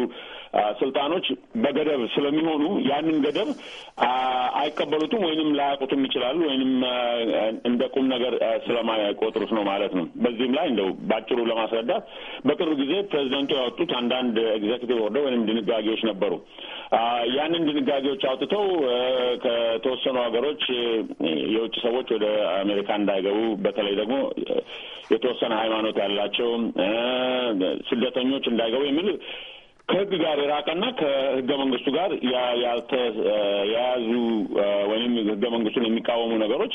ስልጣኖች በገደብ ስለሚሆኑ ያንን ገደብ አይቀበሉትም ወይንም ላያውቁትም ይችላሉ ወይንም እንደ ቁም ነገር ስለማይቆጥሩት ነው ማለት ነው። በዚህም ላይ እንደው ባጭሩ ለማስረዳት በቅርብ ጊዜ ፕሬዚደንቱ ያወጡት አንዳንድ ኤግዜክቲቭ ወርደ ወይንም ድንጋጌዎች ነበሩ። ያንን ድንጋጌዎች አውጥተው ከተወሰኑ ሀገሮች የውጭ ሰዎች ወደ አሜሪካ እንዳይገቡ በተለይ ደግሞ የተወሰነ ሃይማኖት ያላቸው ስደተኞች እንዳይገቡ የሚል ከህግ ጋር የራቀና ከህገ መንግስቱ ጋር ያልተያያዙ ወይም ህገ መንግስቱን የሚቃወሙ ነገሮች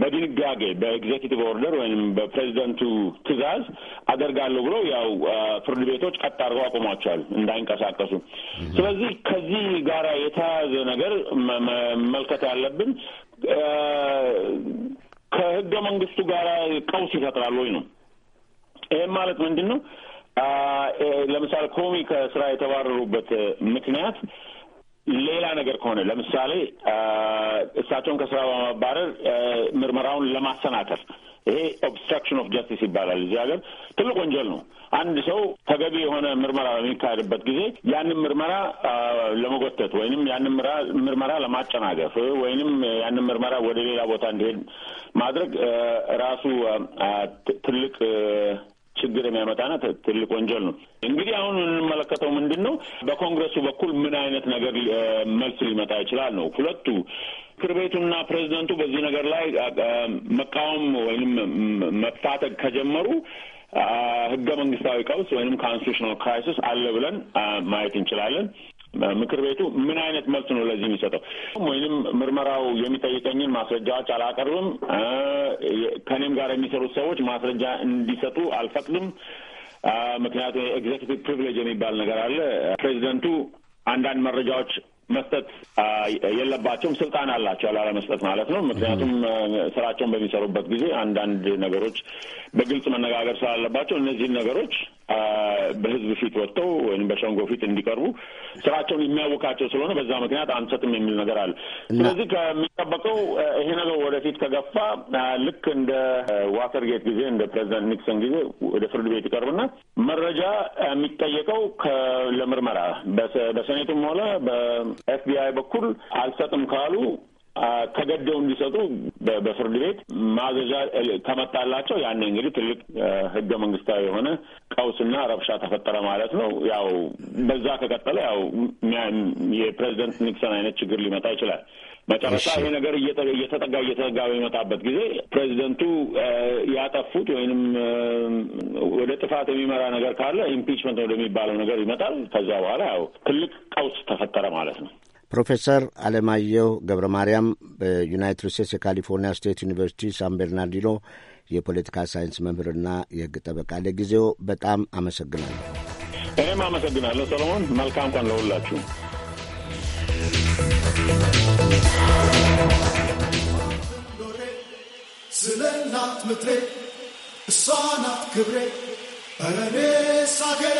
በድንጋጌ በኤግዜኪቲቭ ኦርደር ወይም በፕሬዚደንቱ ትዕዛዝ አደርጋለሁ ብሎ ያው ፍርድ ቤቶች ቀጥ አድርገው አቁሟቸዋል እንዳይንቀሳቀሱ። ስለዚህ ከዚህ ጋር የተያያዘ ነገር መመልከት ያለብን ከህገ መንግስቱ ጋር ቀውስ ይፈጥራል ወይ ነው። ይህም ማለት ምንድን ነው? ለምሳሌ ኮሚ ከስራ የተባረሩበት ምክንያት ሌላ ነገር ከሆነ ለምሳሌ እሳቸውን ከስራ በማባረር ምርመራውን ለማሰናከል ይሄ ኦብስትራክሽን ኦፍ ጃስቲስ ይባላል። እዚህ ሀገር ትልቅ ወንጀል ነው። አንድ ሰው ተገቢ የሆነ ምርመራ በሚካሄድበት ጊዜ ያንን ምርመራ ለመጎተት ወይንም ያንን ምርመራ ለማጨናገፍ ወይንም ያንን ምርመራ ወደ ሌላ ቦታ እንዲሄድ ማድረግ ራሱ ትልቅ ችግር የሚያመጣና ትልቅ ወንጀል ነው። እንግዲህ አሁን የምንመለከተው ምንድን ነው፣ በኮንግረሱ በኩል ምን አይነት ነገር መልስ ሊመጣ ይችላል ነው። ሁለቱ ምክር ቤቱና ፕሬዚደንቱ በዚህ ነገር ላይ መቃወም ወይም መፋተግ ከጀመሩ ህገ መንግስታዊ ቀውስ ወይም ካንስቲቱሽናል ክራይሲስ አለ ብለን ማየት እንችላለን። ምክር ቤቱ ምን አይነት መልስ ነው ለዚህ የሚሰጠው? ወይንም ምርመራው የሚጠይቀኝን ማስረጃዎች አላቀርብም፣ ከእኔም ጋር የሚሰሩት ሰዎች ማስረጃ እንዲሰጡ አልፈቅድም። ምክንያቱም ኤግዜኪቲቭ ፕሪቪሌጅ የሚባል ነገር አለ። ፕሬዚደንቱ አንዳንድ መረጃዎች መስጠት የለባቸውም። ስልጣን አላቸው መስጠት ማለት ነው። ምክንያቱም ስራቸውን በሚሰሩበት ጊዜ አንዳንድ ነገሮች በግልጽ መነጋገር ስላለባቸው እነዚህን ነገሮች በህዝብ ፊት ወጥተው ወይም በሸንጎ ፊት እንዲቀርቡ ስራቸውን የሚያውቃቸው ስለሆነ በዛ ምክንያት አንሰጥም የሚል ነገር አለ። ስለዚህ ከሚጠበቀው ይሄ ነገር ወደፊት ከገፋ ልክ እንደ ዋተርጌት ጊዜ እንደ ፕሬዚዳንት ኒክሰን ጊዜ ወደ ፍርድ ቤት ይቀርብና መረጃ የሚጠየቀው ለምርመራ በሴኔቱም ሆነ በኤፍቢአይ በኩል አልሰጥም ካሉ ተገደው እንዲሰጡ በፍርድ ቤት ማዘዣ ከመጣላቸው ያኔ እንግዲህ ትልቅ ህገ መንግስታዊ የሆነ ቀውስና ረብሻ ተፈጠረ ማለት ነው። ያው በዛ ከቀጠለ ያው የፕሬዚደንት ኒክሰን አይነት ችግር ሊመጣ ይችላል። መጨረሻ ይሄ ነገር እየተጠጋ እየተጠጋ በሚመጣበት ጊዜ ፕሬዚደንቱ ያጠፉት ወይንም ወደ ጥፋት የሚመራ ነገር ካለ ኢምፒችመንት ወደሚባለው ነገር ይመጣል። ከዛ በኋላ ያው ትልቅ ቀውስ ተፈጠረ ማለት ነው። ፕሮፌሰር አለማየሁ ገብረ ማርያም በዩናይትድ ስቴትስ የካሊፎርኒያ ስቴት ዩኒቨርሲቲ ሳን ቤርናርዲኖ የፖለቲካ ሳይንስ መምህርና የሕግ ጠበቃ፣ ለጊዜው በጣም አመሰግናለሁ። እኔም አመሰግናለሁ ሰለሞን። መልካም ቀን ለሁላችሁ። ስለ እናት ምድሬ እሷ ናት ክብሬ እኔ ሳገሬ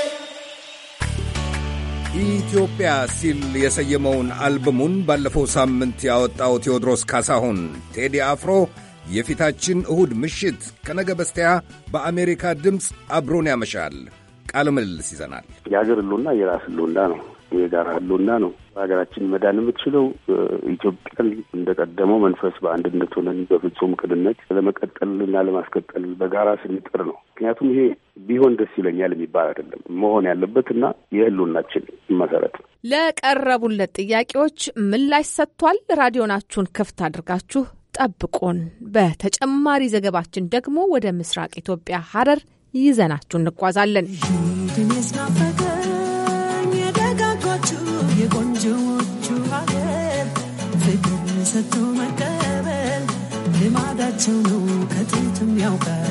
ኢትዮጵያ ሲል የሰየመውን አልበሙን ባለፈው ሳምንት ያወጣው ቴዎድሮስ ካሳሁን ቴዲ አፍሮ የፊታችን እሁድ ምሽት ከነገ በስቲያ በአሜሪካ ድምፅ አብሮን ያመሻል። ቃለ ምልልስ ይዘናል። የአገር ሕልውና የራስ ሕልውና ነው። የጋራ ህልውና ነው። በሀገራችን መዳን የምትችለው ኢትዮጵያን እንደቀደመው መንፈስ በአንድነት ሆነን በፍጹም ቅንነት ለመቀጠልና ለማስቀጠል በጋራ ስንጥር ነው። ምክንያቱም ይሄ ቢሆን ደስ ይለኛል የሚባል አይደለም መሆን ያለበት እና የህልውናችን መሰረት ነው። ለቀረቡለት ጥያቄዎች ምላሽ ሰጥቷል። ራዲዮናችሁን ክፍት አድርጋችሁ ጠብቆን በተጨማሪ ዘገባችን ደግሞ ወደ ምስራቅ ኢትዮጵያ ሀረር ይዘናችሁ እንጓዛለን። 就路可偷偷摇摆。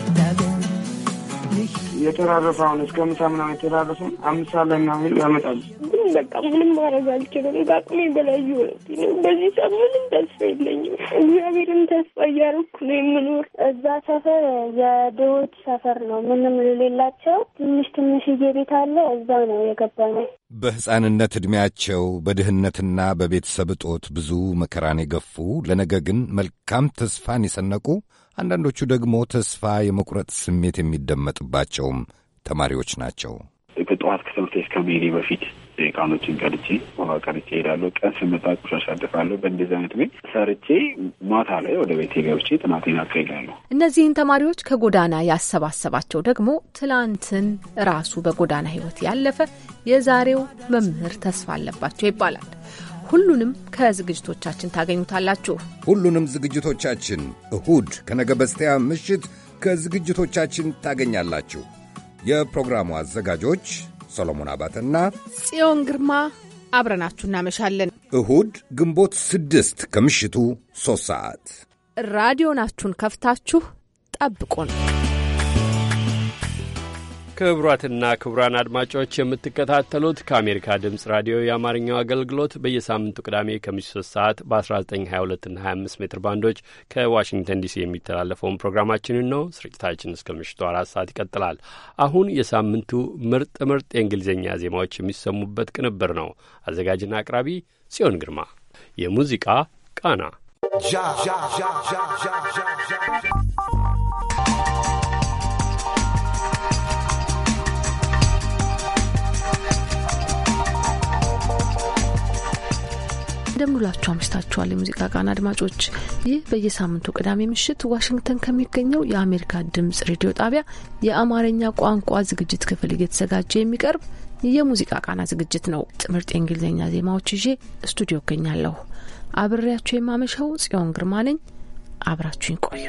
የተራረፈውን እስከ ምሳ ምናምን የተራረፈን አምሳ ላይ ምናምን ያመጣሉ። ግን በቃ ምንም ማድረግ አልችልም። በአቅሜ በላዩ በዚህ ሰ ምንም ተስፋ የለኝም። እግዚአብሔርን ተስፋ እያደረኩ ነው የምኖር። እዛ ሰፈር የድሆች ሰፈር ነው። ምንም ልሌላቸው ትንሽ ትንሽዬ ቤት አለ። እዛ ነው የገባ ነው። በሕፃንነት ዕድሜያቸው በድህነትና በቤተሰብ እጦት ብዙ መከራን የገፉ ለነገ ግን መልካም ተስፋን የሰነቁ አንዳንዶቹ ደግሞ ተስፋ የመቁረጥ ስሜት የሚደመጥባቸውም ተማሪዎች ናቸው። በጠዋት ከትምህርት ቤት ከመሄዴ በፊት ቃኖችን ቀርቼ ውሃ ቀርቼ እሄዳለሁ። ቀን ስመጣ ቆሻሻ አደፋለሁ። በእንደዚህ አይነት ቤት ሰርቼ ማታ ላይ ወደ ቤቴ ገብቼ ጥናቴን አካሄዳለሁ። እነዚህን ተማሪዎች ከጎዳና ያሰባሰባቸው ደግሞ ትላንትን ራሱ በጎዳና ህይወት ያለፈ የዛሬው መምህር ተስፋ አለባቸው ይባላል። ሁሉንም ከዝግጅቶቻችን ታገኙታላችሁ። ሁሉንም ዝግጅቶቻችን እሁድ ከነገ በስቲያ ምሽት ከዝግጅቶቻችን ታገኛላችሁ። የፕሮግራሙ አዘጋጆች ሰሎሞን አባተና ጽዮን ግርማ አብረናችሁ እናመሻለን። እሁድ ግንቦት ስድስት ከምሽቱ ሦስት ሰዓት ራዲዮናችሁን ከፍታችሁ ጠብቁን። ክቡራትና ክቡራን አድማጮች የምትከታተሉት ከአሜሪካ ድምፅ ራዲዮ የአማርኛው አገልግሎት በየሳምንቱ ቅዳሜ ከምሽቱ 3 ሰዓት በ 1922 25 ሜትር ባንዶች ከዋሽንግተን ዲሲ የሚተላለፈውን ፕሮግራማችንን ነው። ስርጭታችን እስከ ምሽቱ አራት ሰዓት ይቀጥላል። አሁን የሳምንቱ ምርጥ ምርጥ የእንግሊዝኛ ዜማዎች የሚሰሙበት ቅንብር ነው። አዘጋጅና አቅራቢ ጽዮን ግርማ። የሙዚቃ ቃና እንደምንላችሁ አምሽታችኋል። የሙዚቃ ቃና አድማጮች፣ ይህ በየሳምንቱ ቅዳሜ ምሽት ዋሽንግተን ከሚገኘው የአሜሪካ ድምጽ ሬዲዮ ጣቢያ የአማርኛ ቋንቋ ዝግጅት ክፍል እየተዘጋጀ የሚቀርብ የሙዚቃ ቃና ዝግጅት ነው። ጥምርጥ የእንግሊዝኛ ዜማዎች ይዤ ስቱዲዮ እገኛለሁ። አብሬያችሁ የማመሸው ጽዮን ግርማ ነኝ። አብራችሁኝ ቆዩ።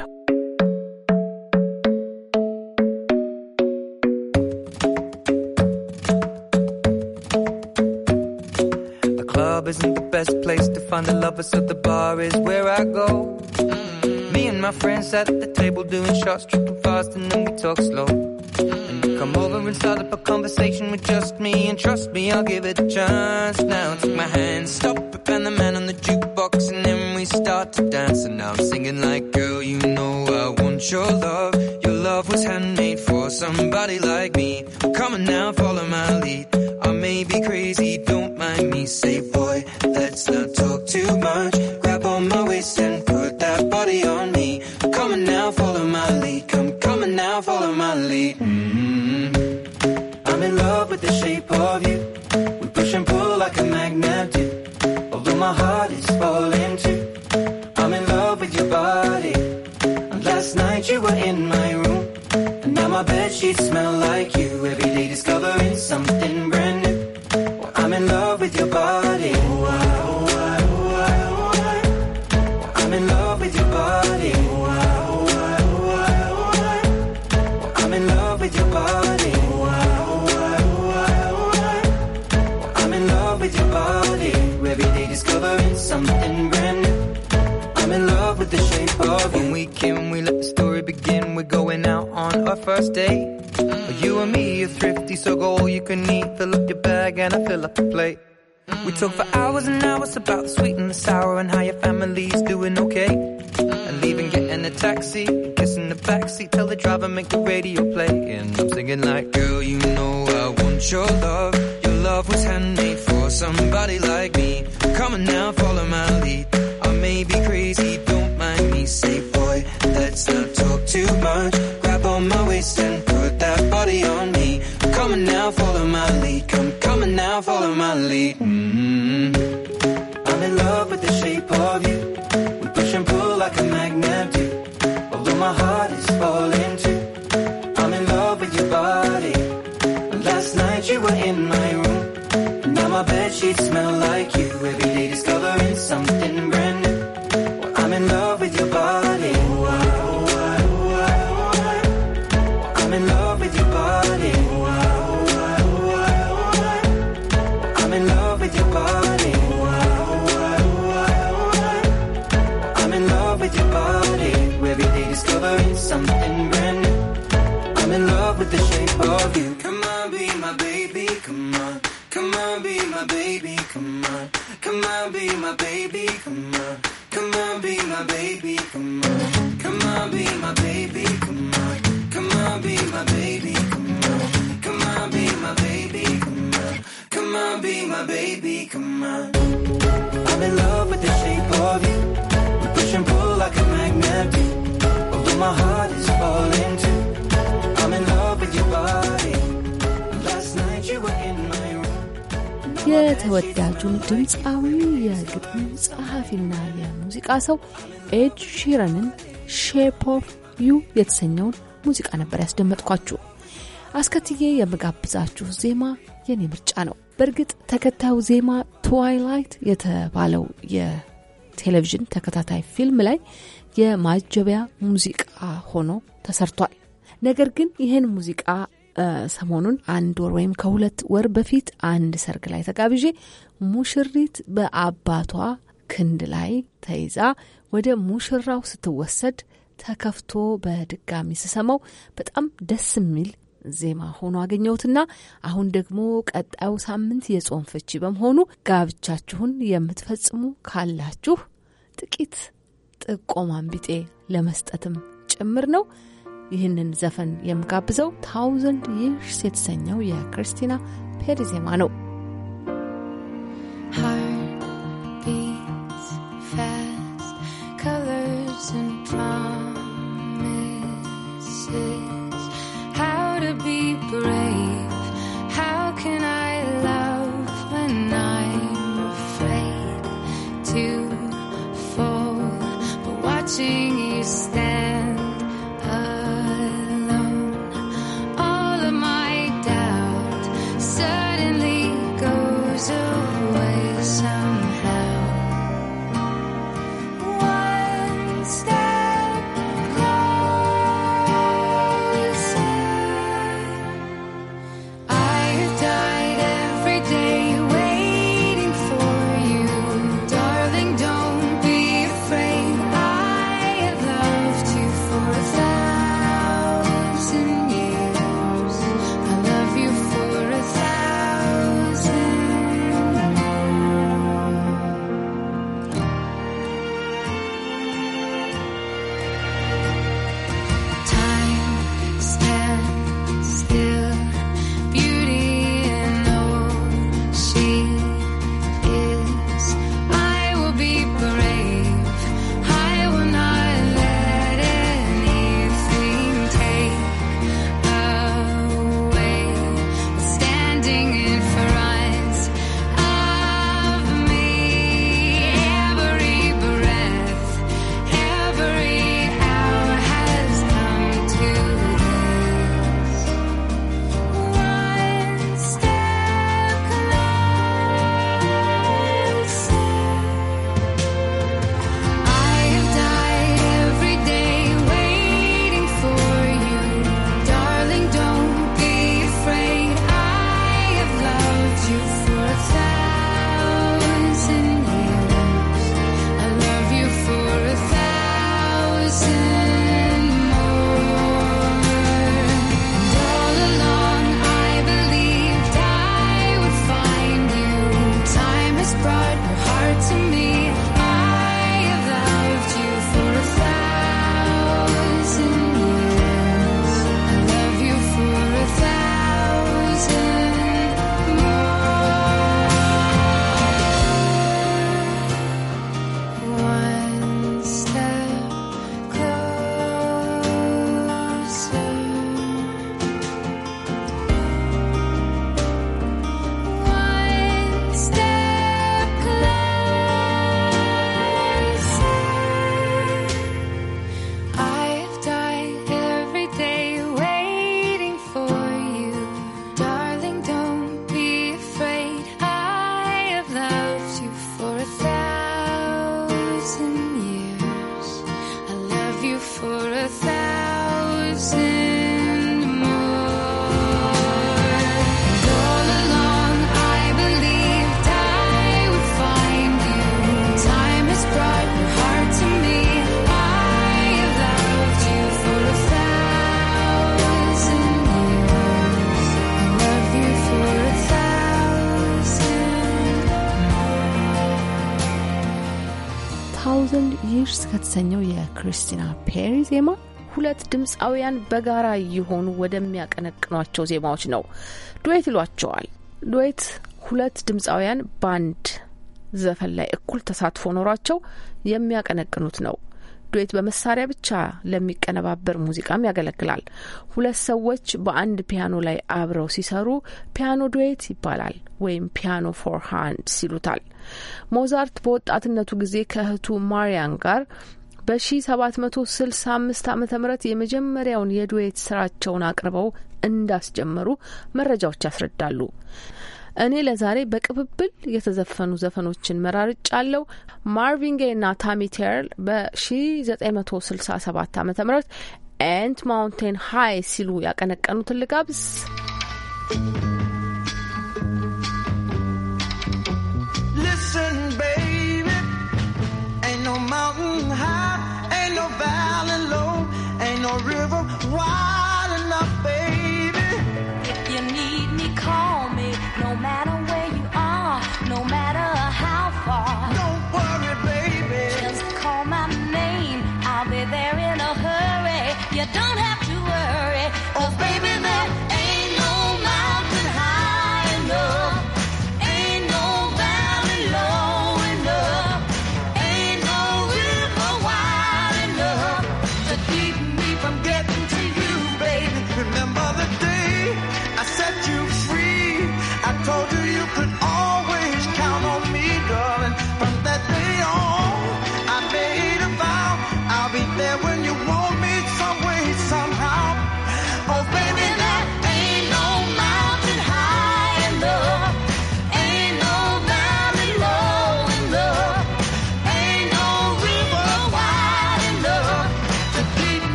isn't the best place to find a lover, so the bar is where I go. Mm-hmm. Me and my friends at the table doing shots, tripping fast, and then we talk slow. Mm-hmm. And come over and start up a conversation with just me, and trust me, I'll give it a chance. Now take my hand, stop it, and the man on the jukebox, and then we start to dance. And now I'm singing like, girl, you know I want your love. Your love was handmade for somebody sheets smell like you fill up plate. We talk for hours and hours about the sweet and the sour and how your family's doing okay. And leaving, getting a taxi, kissing the backseat, tell the driver make the radio play. And I'm singing like, girl, you know I want your ሰው ኤድ ሺረንን ሼፕ ኦፍ ዩ የተሰኘውን ሙዚቃ ነበር ያስደመጥኳችሁ። አስከትዬ የምጋብዛችሁ ዜማ የኔ ምርጫ ነው። በእርግጥ ተከታዩ ዜማ ትዋይላይት የተባለው የቴሌቪዥን ተከታታይ ፊልም ላይ የማጀቢያ ሙዚቃ ሆኖ ተሰርቷል። ነገር ግን ይህን ሙዚቃ ሰሞኑን አንድ ወር ወይም ከሁለት ወር በፊት አንድ ሰርግ ላይ ተጋብዤ ሙሽሪት በአባቷ ክንድ ላይ ተይዛ ወደ ሙሽራው ስትወሰድ ተከፍቶ በድጋሚ ስሰማው በጣም ደስ የሚል ዜማ ሆኖ አገኘሁትና አሁን ደግሞ ቀጣዩ ሳምንት የጾም ፍቺ በመሆኑ ጋብቻችሁን የምትፈጽሙ ካላችሁ ጥቂት ጥቆማን ቢጤ ለመስጠትም ጭምር ነው። ይህንን ዘፈን የምጋብዘው ታውዘንድ ይርስ የተሰኘው የክርስቲና ፔሪ ዜማ ነው። የክሪስቲና ፔሪ ዜማ ሁለት ድምፃውያን በጋራ እየሆኑ ወደሚያቀነቅኗቸው ዜማዎች ነው። ዱዌት ይሏቸዋል። ዱዌት ሁለት ድምፃውያን በአንድ ዘፈን ላይ እኩል ተሳትፎ ኖሯቸው የሚያቀነቅኑት ነው። ዱዌት በመሳሪያ ብቻ ለሚቀነባበር ሙዚቃም ያገለግላል። ሁለት ሰዎች በአንድ ፒያኖ ላይ አብረው ሲሰሩ ፒያኖ ዱዌት ይባላል ወይም ፒያኖ ፎር ሃንድስ ይሉታል። ሞዛርት በወጣትነቱ ጊዜ ከእህቱ ማሪያን ጋር በ1765 ዓ ም የመጀመሪያውን የዱዌት ስራቸውን አቅርበው እንዳስጀመሩ መረጃዎች ያስረዳሉ። እኔ ለዛሬ በቅብብል የተዘፈኑ ዘፈኖችን መራርጫ አለው። ማርቪን ጌይ እና ታሚ ቴርል በ1967 ዓ ም ኤንት ማውንቴን ሃይ ሲሉ ያቀነቀኑትን ልጋብዝ። your rhythm. Why?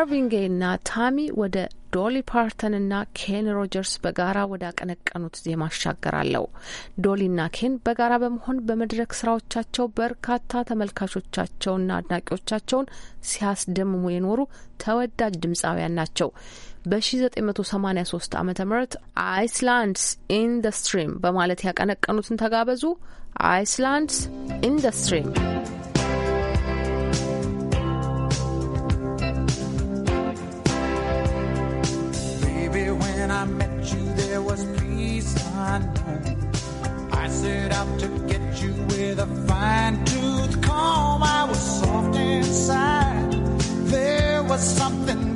ማርቪን ጌይና ታሚ ወደ ዶሊ ፓርተንና ኬን ሮጀርስ በጋራ ወዳቀነቀኑት ዜማ አሻገራለሁ። ዶሊና ኬን በጋራ በመሆን በመድረክ ስራዎቻቸው በርካታ ተመልካቾቻቸውና አድናቂዎቻቸውን ሲያስደምሙ የኖሩ ተወዳጅ ድምፃውያን ናቸው። በ1983 ዓ ም አይስላንድስ ኢንደስትሪም በማለት ያቀነቀኑትን ተጋበዙ። አይስላንድስ ኢንደስትሪም I met you, there was peace earth. I set out to get you with a fine tooth comb. I was soft inside. There was something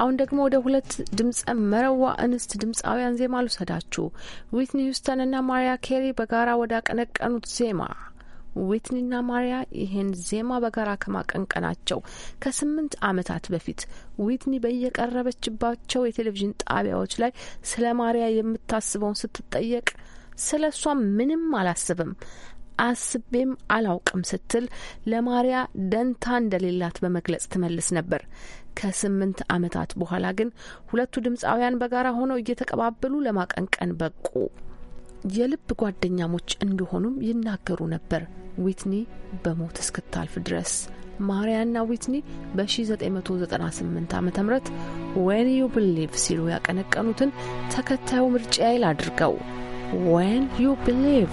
አሁን ደግሞ ወደ ሁለት ድምጸ መረዋ እንስት ድምፃውያን ዜማ ልውሰዳችሁ። ዊትኒ ሂውስተንና ማሪያ ኬሪ በጋራ ወዳቀነቀኑት ዜማ ዊትኒና ማሪያ ይህን ዜማ በጋራ ከማቀንቀናቸው ከስምንት ዓመታት በፊት ዊትኒ በየቀረበችባቸው የቴሌቪዥን ጣቢያዎች ላይ ስለ ማሪያ የምታስበውን ስትጠየቅ ስለ እሷ ምንም አላስብም አስቤም አላውቅም ስትል ለማሪያ ደንታ እንደሌላት በመግለጽ ትመልስ ነበር። ከስምንት ዓመታት በኋላ ግን ሁለቱ ድምፃውያን በጋራ ሆነው እየተቀባበሉ ለማቀንቀን በቁ። የልብ ጓደኛሞች እንደሆኑም ይናገሩ ነበር ዊትኒ በሞት እስክታልፍ ድረስ። ማሪያና ዊትኒ በ1998 ዓ ም ዌን ዩ ብሊቭ ሲሉ ያቀነቀኑትን ተከታዩ ምርጫ ይል አድርገው ዌን ዩ ብሊቭ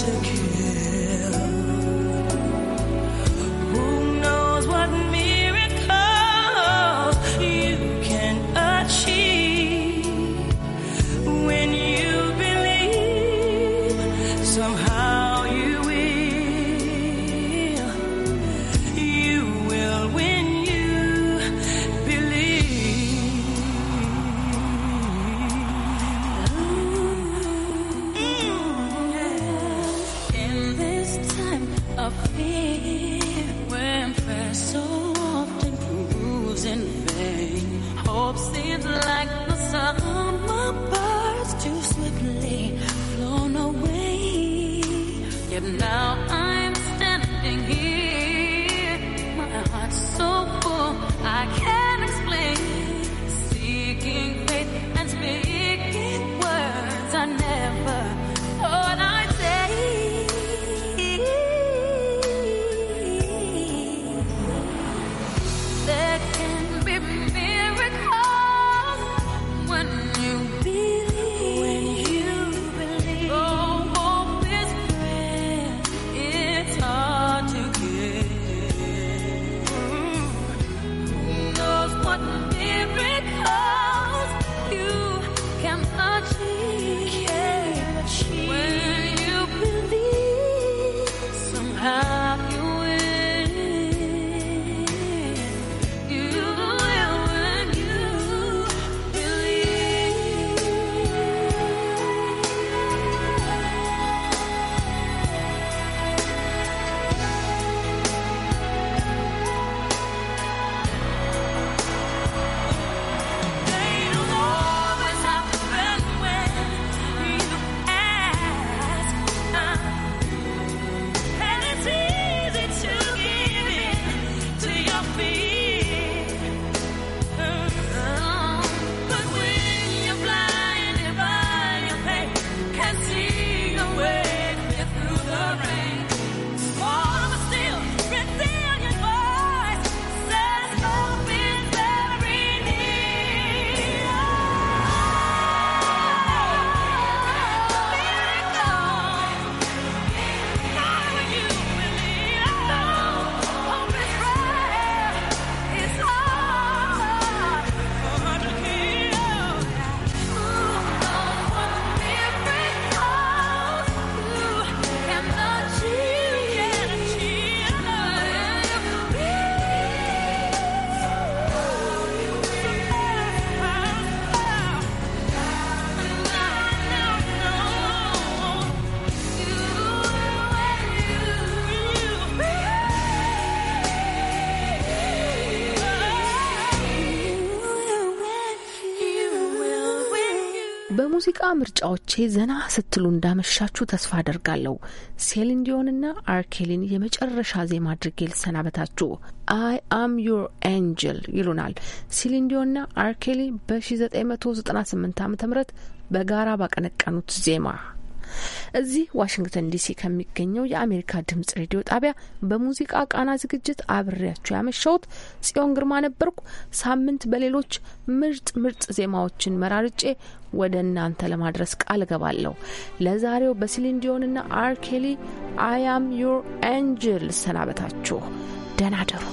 to keep የሙዚቃ ምርጫዎቼ ዘና ስትሉ እንዳመሻችሁ ተስፋ አደርጋለሁ። ሴሊን ዲዮንና አርኬሊን የመጨረሻ ዜማ አድርጌ ልሰናበታችሁ። አይ አም ዩር ኤንጅል ይሉናል ሴሊን ዲዮንና አርኬሊ በ1998 ዓ ም በጋራ ባቀነቀኑት ዜማ እዚህ ዋሽንግተን ዲሲ ከሚገኘው የአሜሪካ ድምጽ ሬዲዮ ጣቢያ በሙዚቃ ቃና ዝግጅት አብሬያችሁ ያመሻውት ጽዮን ግርማ ነበርኩ። ሳምንት በሌሎች ምርጥ ምርጥ ዜማዎችን መራርጬ ወደ እናንተ ለማድረስ ቃል እገባለሁ። ለዛሬው በሲሊንዲዮንና አርኬሊ አያም ዩር አንጅል ሰናበታችሁ። ደህና ደሩ።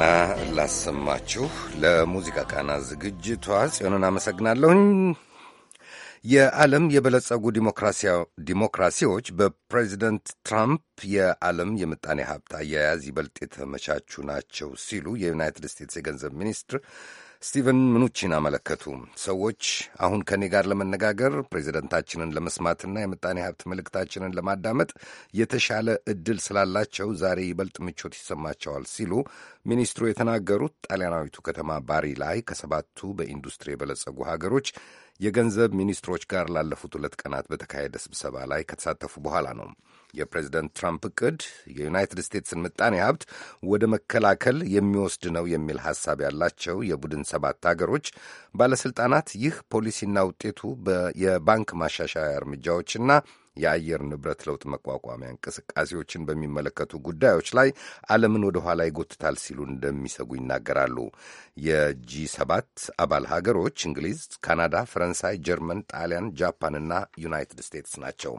ዜና ላሰማችሁ። ለሙዚቃ ቃና ዝግጅቷ ጽዮንን አመሰግናለሁኝ። የዓለም የበለጸጉ ዲሞክራሲዎች በፕሬዚደንት ትራምፕ የዓለም የምጣኔ ሀብት አያያዝ ይበልጥ የተመቻቹ ናቸው ሲሉ የዩናይትድ ስቴትስ የገንዘብ ሚኒስትር ስቲቨን ምኑቺን አመለከቱ። ሰዎች አሁን ከእኔ ጋር ለመነጋገር ፕሬዚደንታችንን ለመስማትና የምጣኔ ሀብት መልእክታችንን ለማዳመጥ የተሻለ እድል ስላላቸው ዛሬ ይበልጥ ምቾት ይሰማቸዋል ሲሉ ሚኒስትሩ የተናገሩት ጣሊያናዊቱ ከተማ ባሪ ላይ ከሰባቱ በኢንዱስትሪ የበለጸጉ ሀገሮች የገንዘብ ሚኒስትሮች ጋር ላለፉት ሁለት ቀናት በተካሄደ ስብሰባ ላይ ከተሳተፉ በኋላ ነው። የፕሬዚደንት ትራምፕ እቅድ የዩናይትድ ስቴትስን ምጣኔ ሀብት ወደ መከላከል የሚወስድ ነው የሚል ሐሳብ ያላቸው የቡድን ሰባት አገሮች ባለሥልጣናት ይህ ፖሊሲና ውጤቱ የባንክ ማሻሻያ እርምጃዎችና የአየር ንብረት ለውጥ መቋቋሚያ እንቅስቃሴዎችን በሚመለከቱ ጉዳዮች ላይ ዓለምን ወደ ኋላ ይጎትታል ሲሉ እንደሚሰጉ ይናገራሉ። የጂ ሰባት አባል ሀገሮች እንግሊዝ፣ ካናዳ፣ ፈረንሳይ፣ ጀርመን፣ ጣሊያን፣ ጃፓንና ዩናይትድ ስቴትስ ናቸው።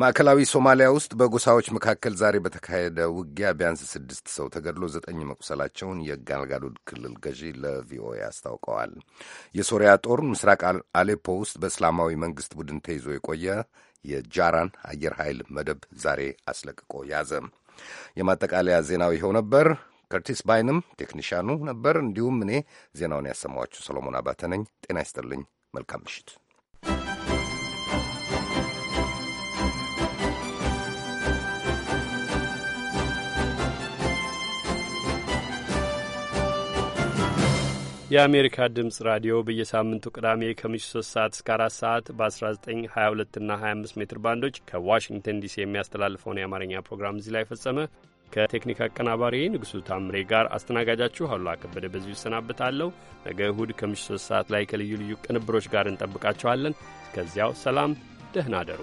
ማዕከላዊ ሶማሊያ ውስጥ በጎሳዎች መካከል ዛሬ በተካሄደ ውጊያ ቢያንስ ስድስት ሰው ተገድሎ ዘጠኝ መቁሰላቸውን የጋልጋዶድ ክልል ገዢ ለቪኦኤ አስታውቀዋል። የሶሪያ ጦር ምስራቅ አሌፖ ውስጥ በእስላማዊ መንግስት ቡድን ተይዞ የቆየ የጃራን አየር ኃይል መደብ ዛሬ አስለቅቆ ያዘ። የማጠቃለያ ዜናው ይኸው ነበር። ከርቲስ ባይንም ቴክኒሻኑ ነበር። እንዲሁም እኔ ዜናውን ያሰማኋችሁ ሰሎሞን አባተ ነኝ። ጤና ይስጥልኝ። መልካም ምሽት። የአሜሪካ ድምጽ ራዲዮ በየሳምንቱ ቅዳሜ ከምሽቱ 3 ሰዓት እስከ 4 ሰዓት በ1922 እና 25 ሜትር ባንዶች ከዋሽንግተን ዲሲ የሚያስተላልፈውን የአማርኛ ፕሮግራም እዚህ ላይ ፈጸመ። ከቴክኒክ አቀናባሪ ንጉሱ ታምሬ ጋር አስተናጋጃችሁ አሉላ ከበደ በዚሁ ይሰናብታለሁ። ነገ እሁድ ከምሽቱ 3 ሰዓት ላይ ከልዩ ልዩ ቅንብሮች ጋር እንጠብቃችኋለን። እስከዚያው ሰላም፣ ደህና አደሩ።